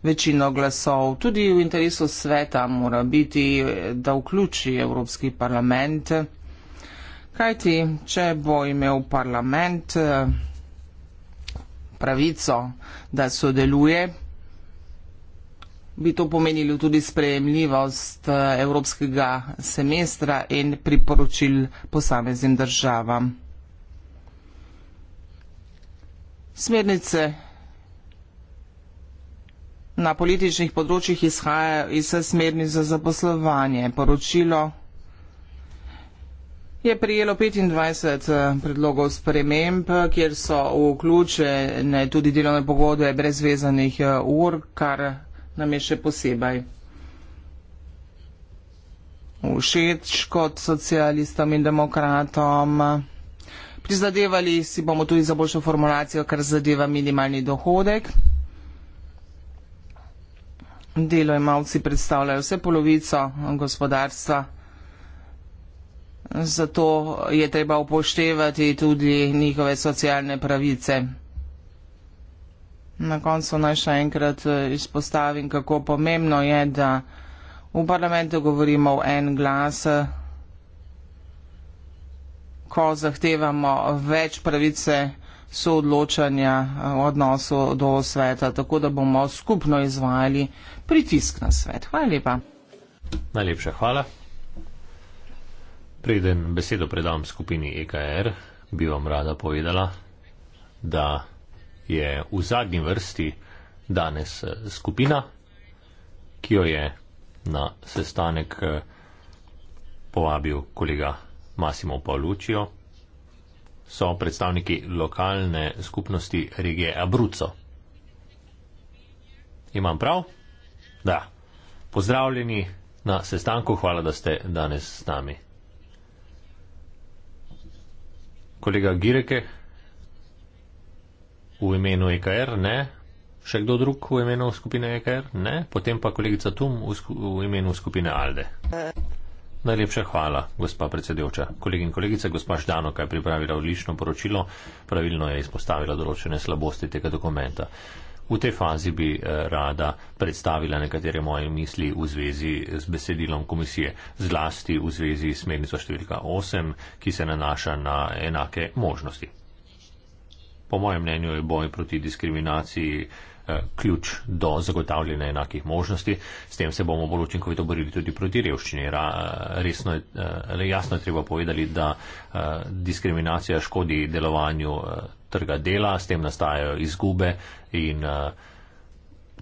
večino glasov. Tudi v interesu sveta mora biti, da vključi Evropski parlament. Kajti, če bo imel parlament eh, pravico, da sodeluje, bi to pomenilo tudi sprejemljivost eh, Evropskega semestra in priporočil posameznim državam. Smernice na političnih področjih izhajajo iz smernic za zaposlovanje. Poročilo je prijelo 25 eh, predlogov sprememb, kjer so vključene tudi delovne pogodbe brez vezanih eh, ur, kar nam je še posebej všeč kot socialistom in demokratom. Prizadevali si bomo tudi za boljšo formulacijo, kar zadeva minimalni dohodek. Delojemalci predstavljajo vse polovico gospodarstva, zato je treba upoštevati tudi njihove socialne pravice. Na koncu naj še enkrat eh, izpostavim, kako pomembno je, da v parlamentu govorimo v en glas. Eh, ko zahtevamo več pravice soodločanja v eh, odnosu do sveta, tako da bomo skupno izvajali pritisk na svet. Hvala lepa. Najlepša hvala. Preden besedo predam skupini EKR, bi vam rada povedala, da je v zadnji vrsti danes eh, skupina, ki jo je na sestanek eh, povabil kolega Massimo Paolucio, so predstavniki lokalne skupnosti regije Abruzzo. Imam prav? Da. Pozdravljeni na sestanku, hvala, da ste danes z nami. Kolega Gireke, v imenu EKR, ne? Še kdo drug v imenu skupine EKR? Ne? Potem pa kolegica Tum v, sku v imenu skupine ALDE. Uh. Najlepša hvala, gospa predsedujoča. Kolegi in kolegice, gospa Ždanoka je pripravila odlično poročilo, pravilno je izpostavila določene slabosti tega dokumenta. V tej fazi bi eh, rada predstavila nekatere moje misli v zvezi z besedilom komisije, zlasti v zvezi s smernico številka 8, ki se nanaša na enake možnosti. Po mojem mnenju je boj proti diskriminaciji Eh, ključ do zagotavljanja enakih možnosti. S tem se bomo bolj učinkovito borili tudi proti revščini. Ra, eh, resno je, eh, jasno je treba povedati, da diskriminacija škodi delovanju trga dela, s tem nastajajo izgube in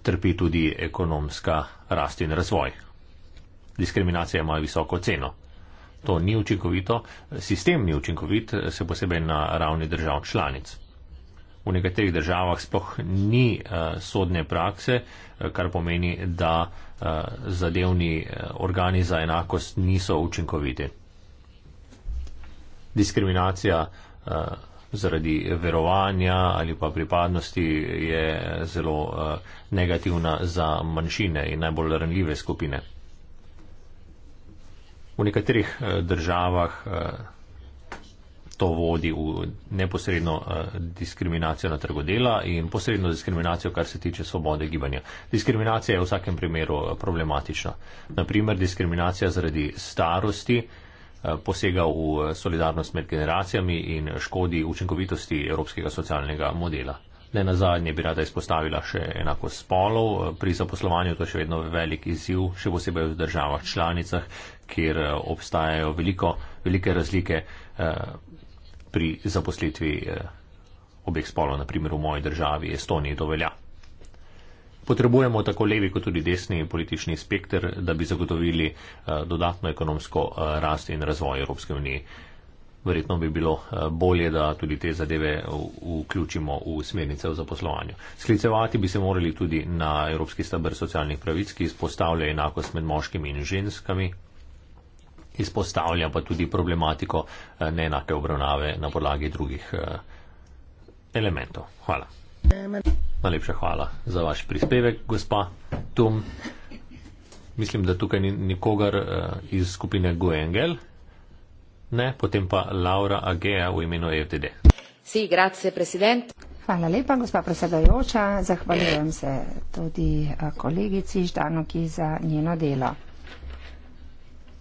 trpi tudi ekonomska rast in razvoj. Diskriminacija ima visoko ceno. To ni učinkovito, sistem ni učinkovit, se posebej na ravni držav članic v nekaterih državah sploh ni uh, sodne prakse, eh, kar pomeni, da uh, zadevni organi za enakost niso učinkoviti. Diskriminacija uh, zaradi verovanja ali pa pripadnosti je zelo uh, negativna za manjšine in najbolj ranljive skupine. V nekaterih uh, državah uh, to vodi v neposredno eh, diskriminacijo na trgu dela in posredno diskriminacijo, kar se tiče svobode gibanja. Diskriminacija je v vsakem primeru eh, problematična. Naprimer, diskriminacija zaradi starosti eh, posega v solidarnost med generacijami in škodi učinkovitosti evropskega socialnega modela. Ne na zadnje bi rada izpostavila še enako spolov. Pri zaposlovanju to je še vedno velik izziv, še posebej v državah članicah, kjer obstajajo veliko, velike razlike pri zaposlitvi eh, obeh spolov, naprimer v moji državi Estoniji, to velja. Potrebujemo tako levi kot tudi desni politični spekter, da bi zagotovili eh, dodatno ekonomsko eh, rast in razvoj Evropske unije. Verjetno bi bilo bolje, da tudi te zadeve vključimo v smernice za poslovanje. Sklicevati bi se morali tudi na Evropski stabr socialnih pravic, ki izpostavlja enakost med moškimi in ženskami, izpostavlja pa tudi problematiko eh, neenake obravnave na podlagi drugih eh, elementov. Hvala. Najlepša hvala za vaš prispevek, gospa Tum. Mislim, da tukaj ni nikogar eh, iz skupine Goengel. Ne, potem pa Laura Agea v imenu EFTD. Si, grazie, president. Hvala lepa, gospa predsedajoča. Zahvaljujem se tudi kolegici Ždanoki za njeno delo.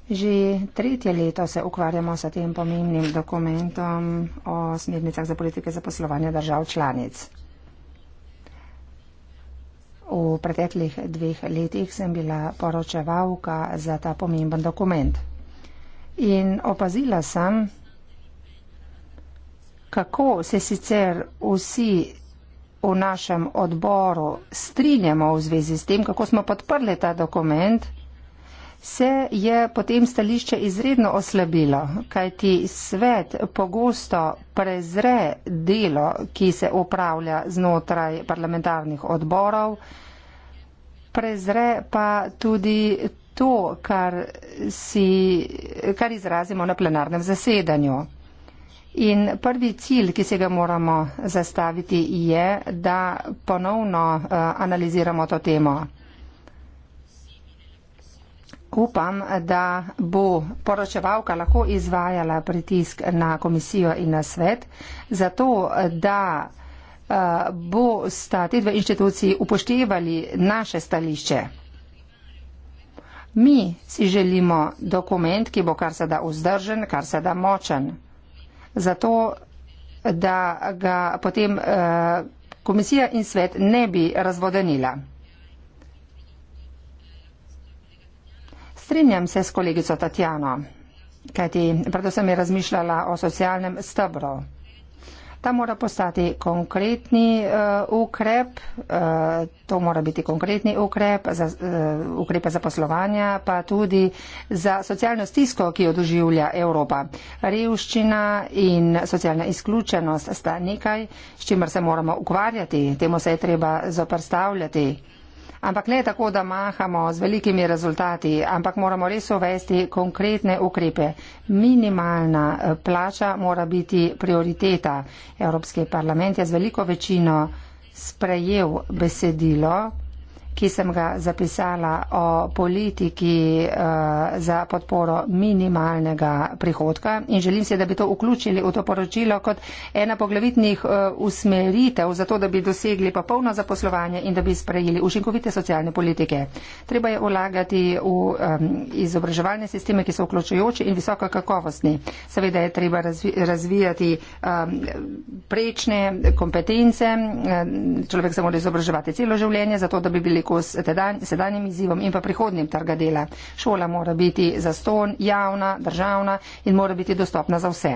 Že tretje leto se ukvarjamo s tem pomembnim dokumentom o smernicah za politike za poslovanje držav članic. V preteklih dveh letih sem bila poročevalka za ta pomemben dokument. In opazila sem, kako se sicer vsi v našem odboru strinjamo v zvezi s tem, kako smo podprli ta dokument se je potem stališče izredno oslabilo, kajti svet pogosto prezre delo, ki se upravlja znotraj parlamentarnih odborov, prezre pa tudi to, kar, si, kar izrazimo na plenarnem zasedanju. In prvi cilj, ki se ga moramo zastaviti, je, da ponovno uh, analiziramo to temo upam, da bo poročevalka lahko izvajala pritisk na komisijo in na svet, zato da eh, bo sta te dve inštituciji upoštevali naše stališče. Mi si želimo dokument, ki bo kar se da vzdržen, kar se da močen, zato da ga potem eh, komisija in svet ne bi razvodenila. strinjam se s kolegico Tatjano, kajti predvsem je razmišljala o socialnem stebru. Ta mora postati konkretni uh, ukrep, uh, to mora biti konkretni ukrep za uh, ukrepe zaposlovanja, pa tudi za socialno stisko, ki jo doživlja Evropa. Revščina in socialna izključenost sta nekaj, s čimer se moramo ukvarjati, temu se je treba zoprstavljati ampak ne tako, da mahamo z velikimi rezultati, ampak moramo res uvesti konkretne ukrepe. Minimalna eh, plača mora biti prioriteta. Evropski parlament je z veliko večino sprejel besedilo ki sem ga zapisala o politiki eh, za podporo minimalnega prihodka in želim se, da bi to vključili v to poročilo kot ena poglavitnih eh, usmeritev za to, da bi dosegli popolno zaposlovanje in da bi sprejeli učinkovite socialne politike. Treba je ulagati v izobraževalne sisteme, ki so vključujoči in visoko kakovostni. Seveda je treba razvijati prečne kompetence, človek se mora izobraževati celo življenje, zato da bi bili človeku s tedan, sedanjim izzivom in pa prihodnim trga dela. Šola mora biti zaston, javna, državna in mora biti dostopna za vse.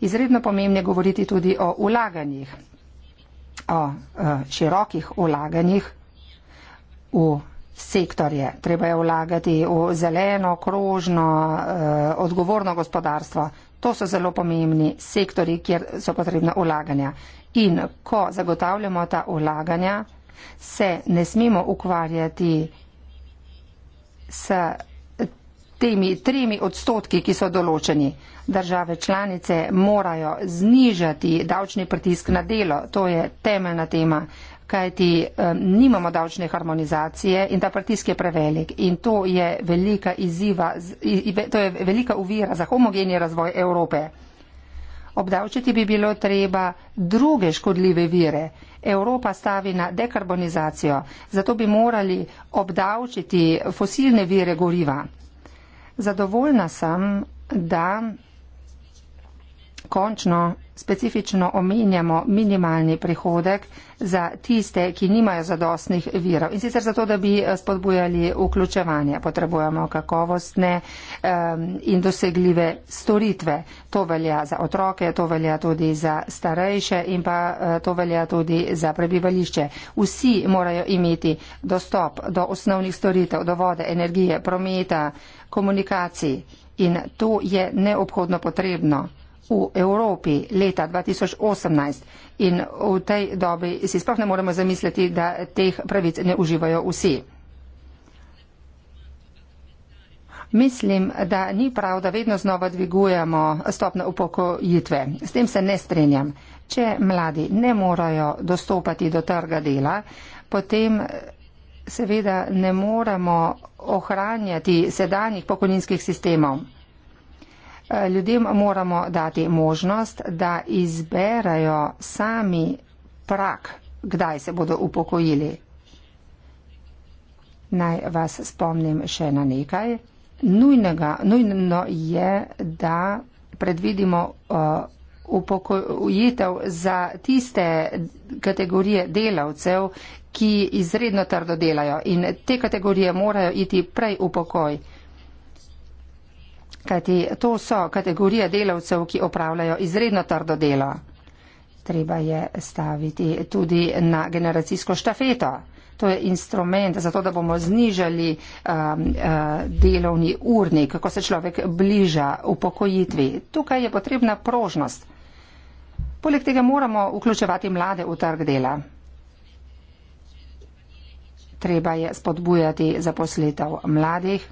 Izredno pomembno je govoriti tudi o ulaganjih, o eh, širokih ulaganjih v sektorje. Treba je ulagati v zeleno, krožno, eh, odgovorno gospodarstvo. To so zelo pomembni sektori, kjer so potrebna ulaganja. In ko zagotavljamo ta ulaganja, se ne smemo ukvarjati s temi tremi odstotki, ki so določeni. Države članice morajo znižati davčni pritisk na delo. To je temeljna tema, kajti eh, nimamo davčne harmonizacije in ta pritisk je prevelik. In to je velika, iziva, to je velika uvira za homogeni razvoj Evrope. Obdavčiti bi bilo treba druge škodljive vire. Evropa stavi na dekarbonizacijo, zato bi morali obdavčiti fosilne vire goriva. Zadovoljna sem, da končno specifično omenjamo minimalni prihodek za tiste, ki nimajo zadostnih virov. In sicer zato, da bi eh, spodbujali vključevanje, potrebujemo kakovostne um, in dosegljive storitve. To velja za otroke, to velja tudi za starejše in pa uh, to velja tudi za prebivališče. Vsi morajo imeti dostop do osnovnih storitev, do vode, energije, prometa, komunikacij. In to je neobhodno potrebno v Evropi leta 2018 in v tej dobi si sploh ne moremo zamisliti, da teh pravic ne uživajo vsi. Mislim, da ni prav, da vedno znova dvigujemo stopno upokojitve. S tem se ne strenjam. Če mladi ne morajo dostopati do trga dela, potem seveda ne moremo ohranjati sedanjih pokojninskih sistemov. Eh, ljudem moramo dati možnost, da izberajo sami prak, kdaj se bodo upokojili. Naj vas spomnim še na nekaj. Nujnega, nujno je, da predvidimo uh, upokojitev za tiste kategorije delavcev, ki izredno trdo delajo in te kategorije morajo iti prej upokoj. Uh, kajti to so kategorije delavcev, ki opravljajo izredno trdo delo. Treba je staviti tudi na generacijsko štafeto. To je instrument za to, da bomo znižali um, uh, delovni urnik, ko se človek bliža upokojitvi. Tukaj je potrebna prožnost. Poleg tega moramo vključevati mlade v trg dela. Treba je spodbujati zaposlitev mladih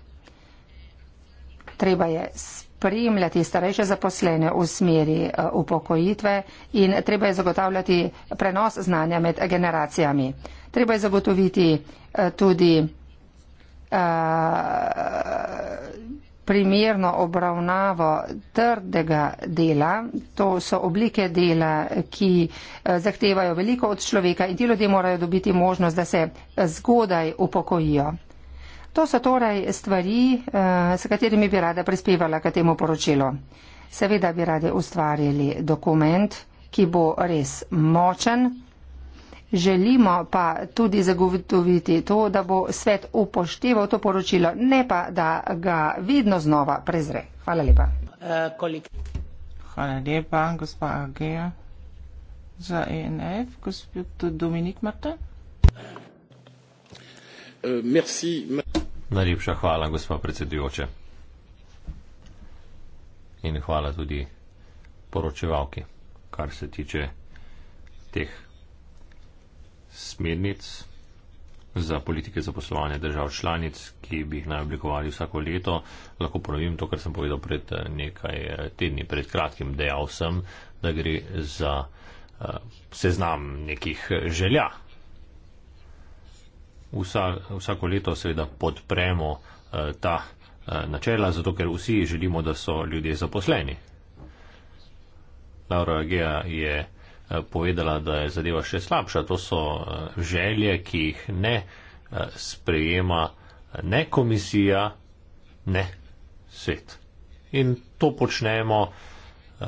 treba je spremljati starejše zaposlene v smeri eh, upokojitve in treba je zagotavljati prenos znanja med generacijami. Treba je zagotoviti eh, tudi uh, primerno obravnavo trdega dela. To so oblike dela, ki zahtevajo veliko od človeka in ti ljudje morajo dobiti možnost, da se zgodaj upokojijo. To so torej stvari, eh, s katerimi bi rada prispevala k temu poročilu. Seveda bi radi ustvarili dokument, ki bo res močen, želimo pa tudi zagotoviti to, da bo svet upošteval to poročilo, ne pa da ga vedno znova prezre. Hvala lepa. Hvala lepa, gospa Agea. Za ENF, gospod Dominik Marta. Euh, merci. Najlepša hvala, gospa predsedujoča. In hvala tudi poročevalki, kar se tiče teh smernic za politike za poslovanje držav članic, ki bi jih naj oblikovali vsako leto. Lahko ponovim to, kar sem povedal pred eh, nekaj eh, tedni, pred kratkim dejal sem, da gre za uh, seznam nekih želja vsa, vsako leto seveda podpremo eh, ta eh, načela, zato ker vsi želimo, da so ljudje zaposleni. Laura Agea je eh, povedala, da je zadeva še slabša. To so eh, želje, ki jih ne eh, sprejema eh, ne komisija, ne svet. In to počnemo eh,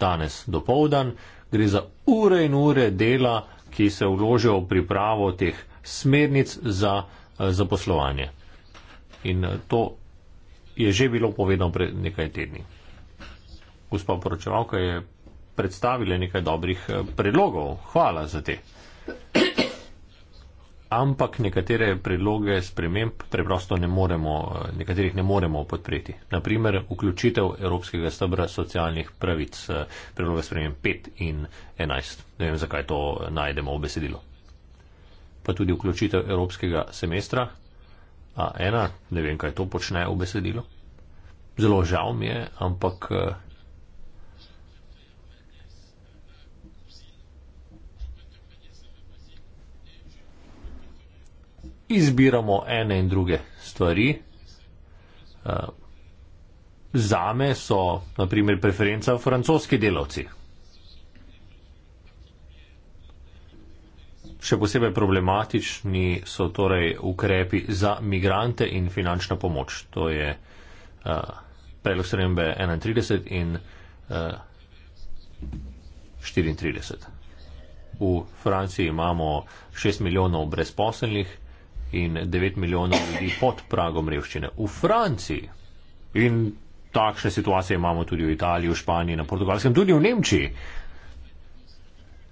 danes do povdan. Gre za ure in ure dela, ki se vložijo v pripravo teh smernic za eh, zaposlovanje. In eh, to je že bilo povedano pred nekaj tedni. Gospa poročevalka je predstavila nekaj dobrih eh, predlogov. Hvala za te. Ampak nekatere predloge sprememb preprosto ne moremo, nekaterih ne moremo podpreti. Naprimer, vključitev Evropskega stebra socialnih pravic, predloga sprememb 5 in 11. Ne vem, zakaj to najdemo v besedilu pa tudi vključitev evropskega semestra, a ena, ne vem, kaj to počne v besedilu. Zelo žal mi je, ampak. Eh, izbiramo ene in druge stvari. Eh, zame so, naprimer, preferenca francoski delavci. Še posebej problematični so torej ukrepi za migrante in finančna pomoč. To je uh, predlog srembe 31 in uh, eh, 34. V Franciji imamo 6 milijonov brezposelnih in 9 milijonov ljudi pod pragom revščine. V Franciji in takšne situacije imamo tudi v Italiji, v Španiji, na portugalskem, tudi v Nemčiji. Uh,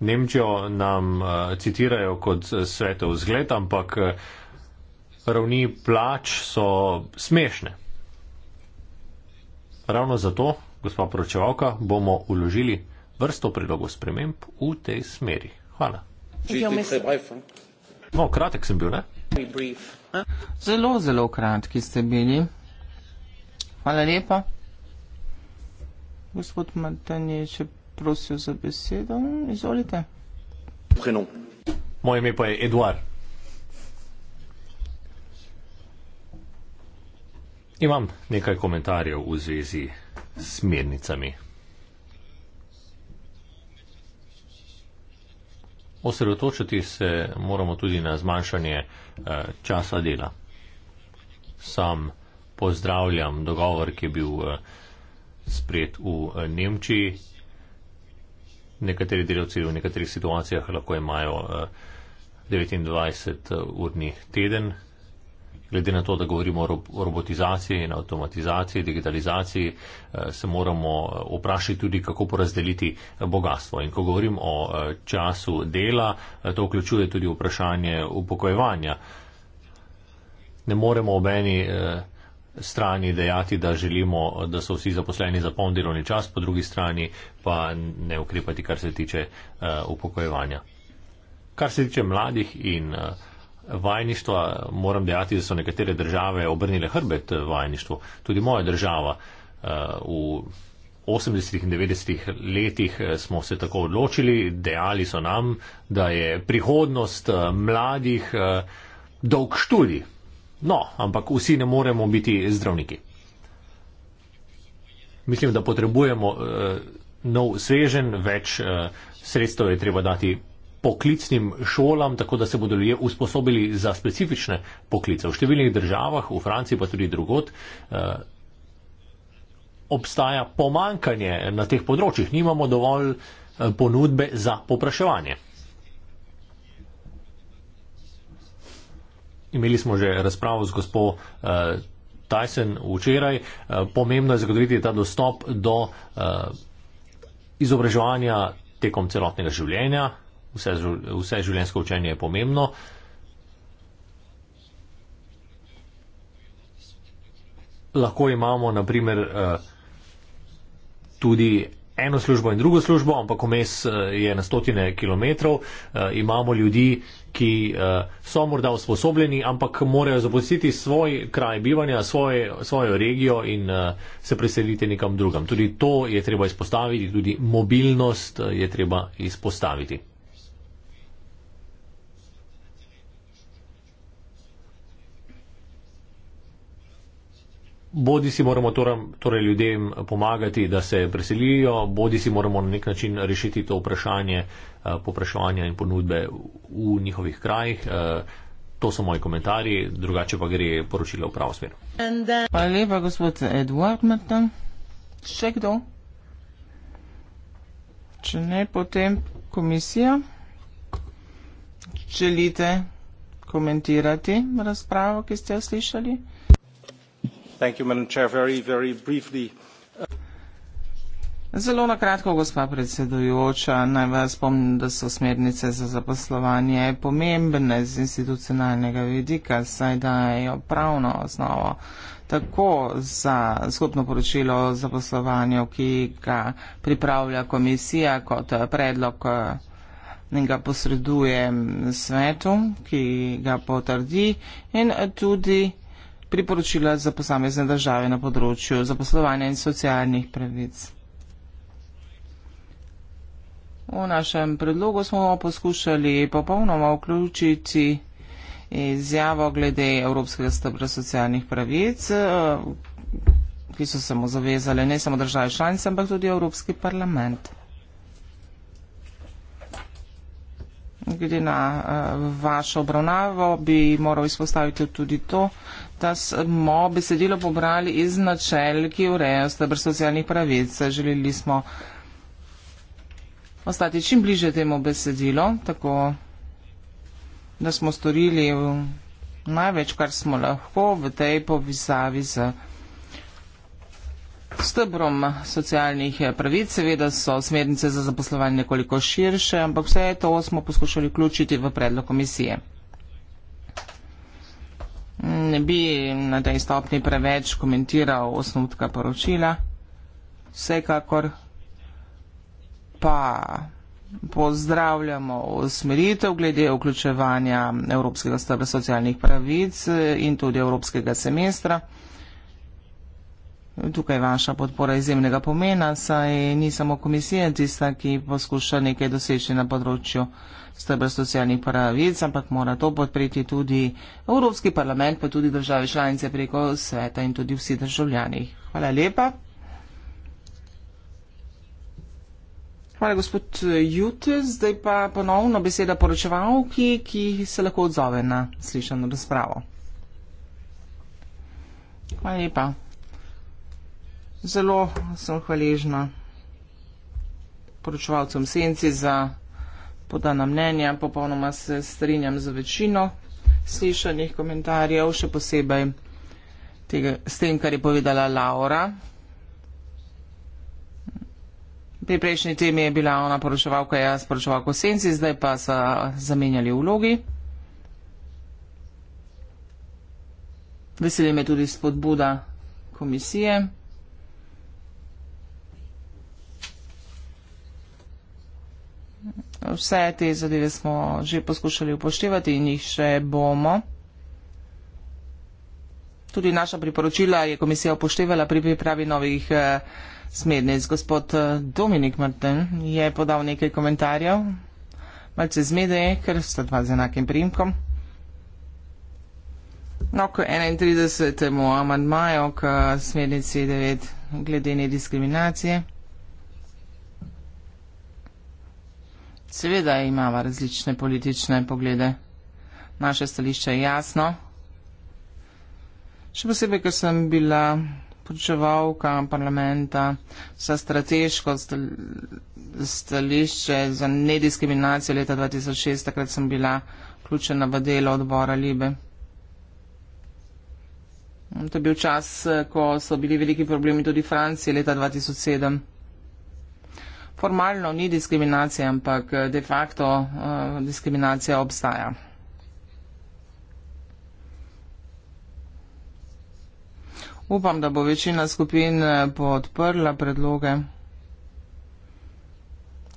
Nemčijo nam uh, citirajo kot eh, svetov zgled, ampak eh, ravni plač so smešne. Ravno zato, gospa poročevalka, bomo uložili vrsto predlogov sprememb v tej smeri. Hvala. No, kratek sem bil, ne? Zelo, zelo kratki ste bili. Hvala lepa. Gospod Matanje, če prosil za besedo. Izvolite. Prenom. Moje ime pa je Eduard. Imam nekaj komentarjev v zvezi s smernicami. Osredotočiti se moramo tudi na zmanjšanje eh, časa dela. Sam pozdravljam dogovor, ki je bil eh, spred v eh, Nemčiji, nekateri delavci v nekaterih situacijah lahko imajo 29-urni eh, eh, teden. Glede na to, da govorimo o robotizaciji in avtomatizaciji, digitalizaciji, eh, se moramo vprašati tudi, kako porazdeliti bogatstvo. In ko govorim o času dela, to vključuje tudi vprašanje upokojevanja. Ne moremo obeni strani dejati, da želimo, da so vsi zaposleni za poln delovni čas, po drugi strani pa ne ukrepati, kar se tiče uh, upokojevanja. Kar se tiče mladih in uh, eh, vajništva, moram dejati, da so nekatere države obrnile hrbet eh, vajništvu. Tudi moja država uh, v 80. in 90. letih smo se tako odločili, dejali so nam, da je prihodnost uh, mladih uh, dolg študij. No, ampak vsi ne moremo biti zdravniki. Mislim, da potrebujemo uh, nov svežen, več uh, sredstev je treba dati poklicnim šolam, tako da se bodo ljudje usposobili za specifične poklice. V številnih državah, v Franciji pa tudi drugot, uh, eh, obstaja pomankanje na teh področjih. Nimamo dovolj uh, ponudbe za popraševanje. imeli smo že razpravo z gospod uh, eh, Tyson včeraj. Uh, pomembno je zagotoviti ta dostop do uh, izobraževanja tekom celotnega življenja. Vse, vse življenjsko učenje je pomembno. Lahko imamo, naprimer, uh, tudi eno službo in drugo službo, ampak vmes eh, je na stotine kilometrov, eh, imamo ljudi, ki eh, so morda usposobljeni, ampak morajo zapustiti svoj kraj bivanja, svoj, svojo regijo in se preseliti nekam drugam. Tudi to je treba izpostaviti, tudi mobilnost je treba izpostaviti. bodi si moramo torej, torej ljudem pomagati, da se preselijo, bodi si moramo na nek način rešiti to vprašanje eh, popraševanja in ponudbe v njihovih krajih. Eh, to so moji komentarji, drugače pa gre poročilo v pravo smer. Hvala lepa, gospod Edward Martin. Še kdo? Če ne, potem komisija. Želite komentirati razpravo, ki ste jo slišali? Uh, Zelo na kratko, gospa predsedujoča, naj vas spomnim, da so smernice za zaposlovanje pomembne z institucionalnega vidika, saj dajo pravno osnovo tako za skupno poročilo o zaposlovanju, ki ga pripravlja komisija kot predlog uh, in ga posreduje svetu, ki ga potrdi in tudi priporočila za posamezne države na področju zaposlovanja in socialnih pravic. V našem predlogu smo poskušali popolnoma vključiti izjavo glede Evropskega stebra socialnih pravic, eh, ki so se mu zavezali ne samo države članice, ampak tudi Evropski parlament. Glede na eh, vašo obravnavo bi moral izpostaviti tudi to, Ta smo besedilo pobrali iz načel, ki urejajo stebr socialnih pravic. Želeli smo ostati čim bliže temu besedilo, tako da smo storili največ, kar smo lahko v tej povisavi z stebrom socialnih pravic. Seveda so smernice za zaposlovanje nekoliko širše, ampak vse to smo poskušali vključiti v predlog komisije. Ne bi na tej stopni preveč komentiral osnutka poročila. Vsekakor pa pozdravljamo usmeritev glede vključevanja Evropskega stebra socialnih pravic in tudi Evropskega semestra tukaj vaša podpora izjemnega pomena, saj ni samo komisija tista, ki poskuša nekaj doseči na področju stebr socialnih pravic, ampak mora to podpreti tudi Evropski parlament, pa tudi države članice preko sveta in tudi vsi državljani. Hvala lepa. Hvala, gospod Jute. Zdaj pa ponovno beseda poročevalki, ki se lahko odzove na slišano razpravo. Hvala lepa. Zelo sem hvaležna poročevalcem Senci za podana mnenja. Popolnoma se strinjam z večino slišanih komentarjev, še posebej tega, s tem, kar je povedala Laura. Pri prejšnji temi je bila ona poročevalka, jaz poročevalko Senci, zdaj pa so zamenjali vlogi. Veseli me tudi spodbuda komisije. Vse te zadeve smo že poskušali upoštevati in jih še bomo. Tudi naša priporočila je komisija upoštevala pri pripravi novih eh, smernic. Gospod eh, Dominik Martin je podal nekaj komentarjev. Malce zmede, ker sta dva z enakim primkom. No, k 31. amandmaju k smernici 9 glede nediskriminacije. diskriminacije. Seveda imamo različne politične poglede. Naše stališče je jasno. Še posebej, ker sem bila počevalka parlamenta za strateško stališče za nediskriminacijo leta 2006, takrat sem bila vključena v delo odbora Libe. To je bil čas, ko so bili veliki problemi tudi v Franciji leta 2007 formalno ni diskriminacija, ampak eh, de facto uh, diskriminacija obstaja. Upam, da bo večina skupin eh, podprla predloge,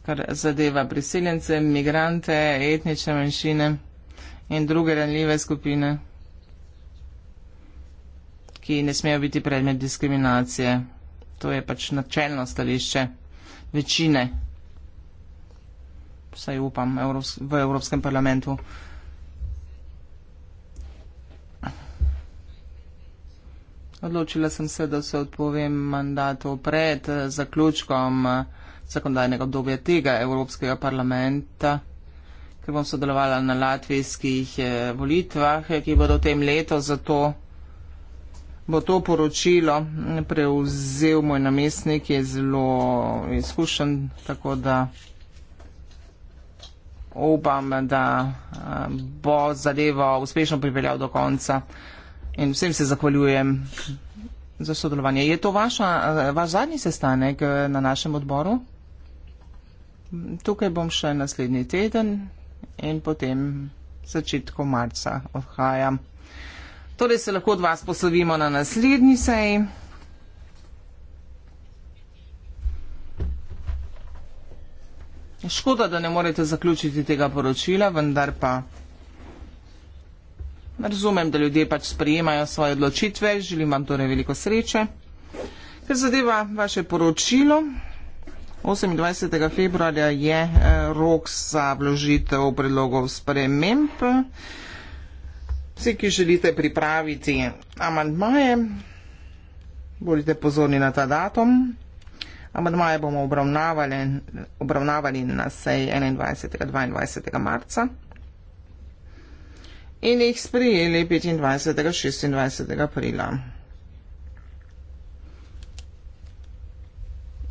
kar zadeva priseljence, migrante, etnične manjšine in druge ranljive skupine, ki ne smejo biti predmet diskriminacije. To je pač načelno stališče večine, vsaj upam, v Evropskem parlamentu. Odločila sem se, da se odpovem mandatu pred eh, zaključkom eh, zakonodajnega obdobja tega Evropskega parlamenta, ker bom sodelovala na latvijskih eh, volitvah, ki bodo v tem letu zato bo to poročilo prevzel moj namestnik, je zelo izkušen, tako da upam, da eh, bo zadevo uspešno pripeljal do konca in vsem se zahvaljujem za sodelovanje. Je to vaša, eh, vaš zadnji sestanek eh, na našem odboru? Tukaj bom še naslednji teden in potem začetku marca odhajam. Torej se lahko od vas poslovimo na naslednji seji. Škoda, da ne morete zaključiti tega poročila, vendar pa razumem, da ljudje pač sprejemajo svoje odločitve. Želim vam torej veliko sreče. Ker zadeva vaše poročilo, 28. februarja je eh, rok za vložitev predlogov spremembe. Vsi, ki želite pripraviti amantmaje, bodite pozorni na ta datum. Amantmaje bomo obravnavali, obravnavali na sej 21. 22. marca in jih sprijeli 25. 26. aprila.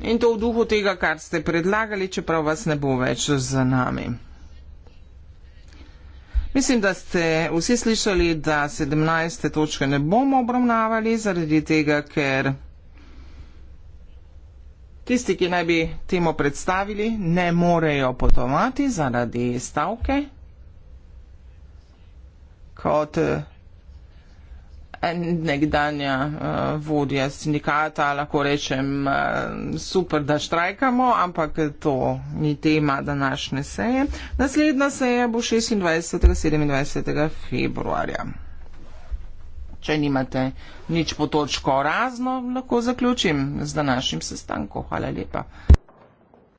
In to v duhu tega, kar ste predlagali, čeprav vas ne bo več z nami. Mislim, da ste vsi slišali, da 17. točke ne bomo obravnavali zaradi tega, ker tisti, ki naj bi temo predstavili, ne morejo potovati zaradi stavke. Kot eh, nekdanja uh, vodja sindikata, lahko rečem, uh, super, da štrajkamo, ampak to ni tema današnje seje. Naslednja seja bo 26. 27. februarja. Če nimate nič po točko razno, lahko zaključim z današnjim sestankom. Hvala lepa.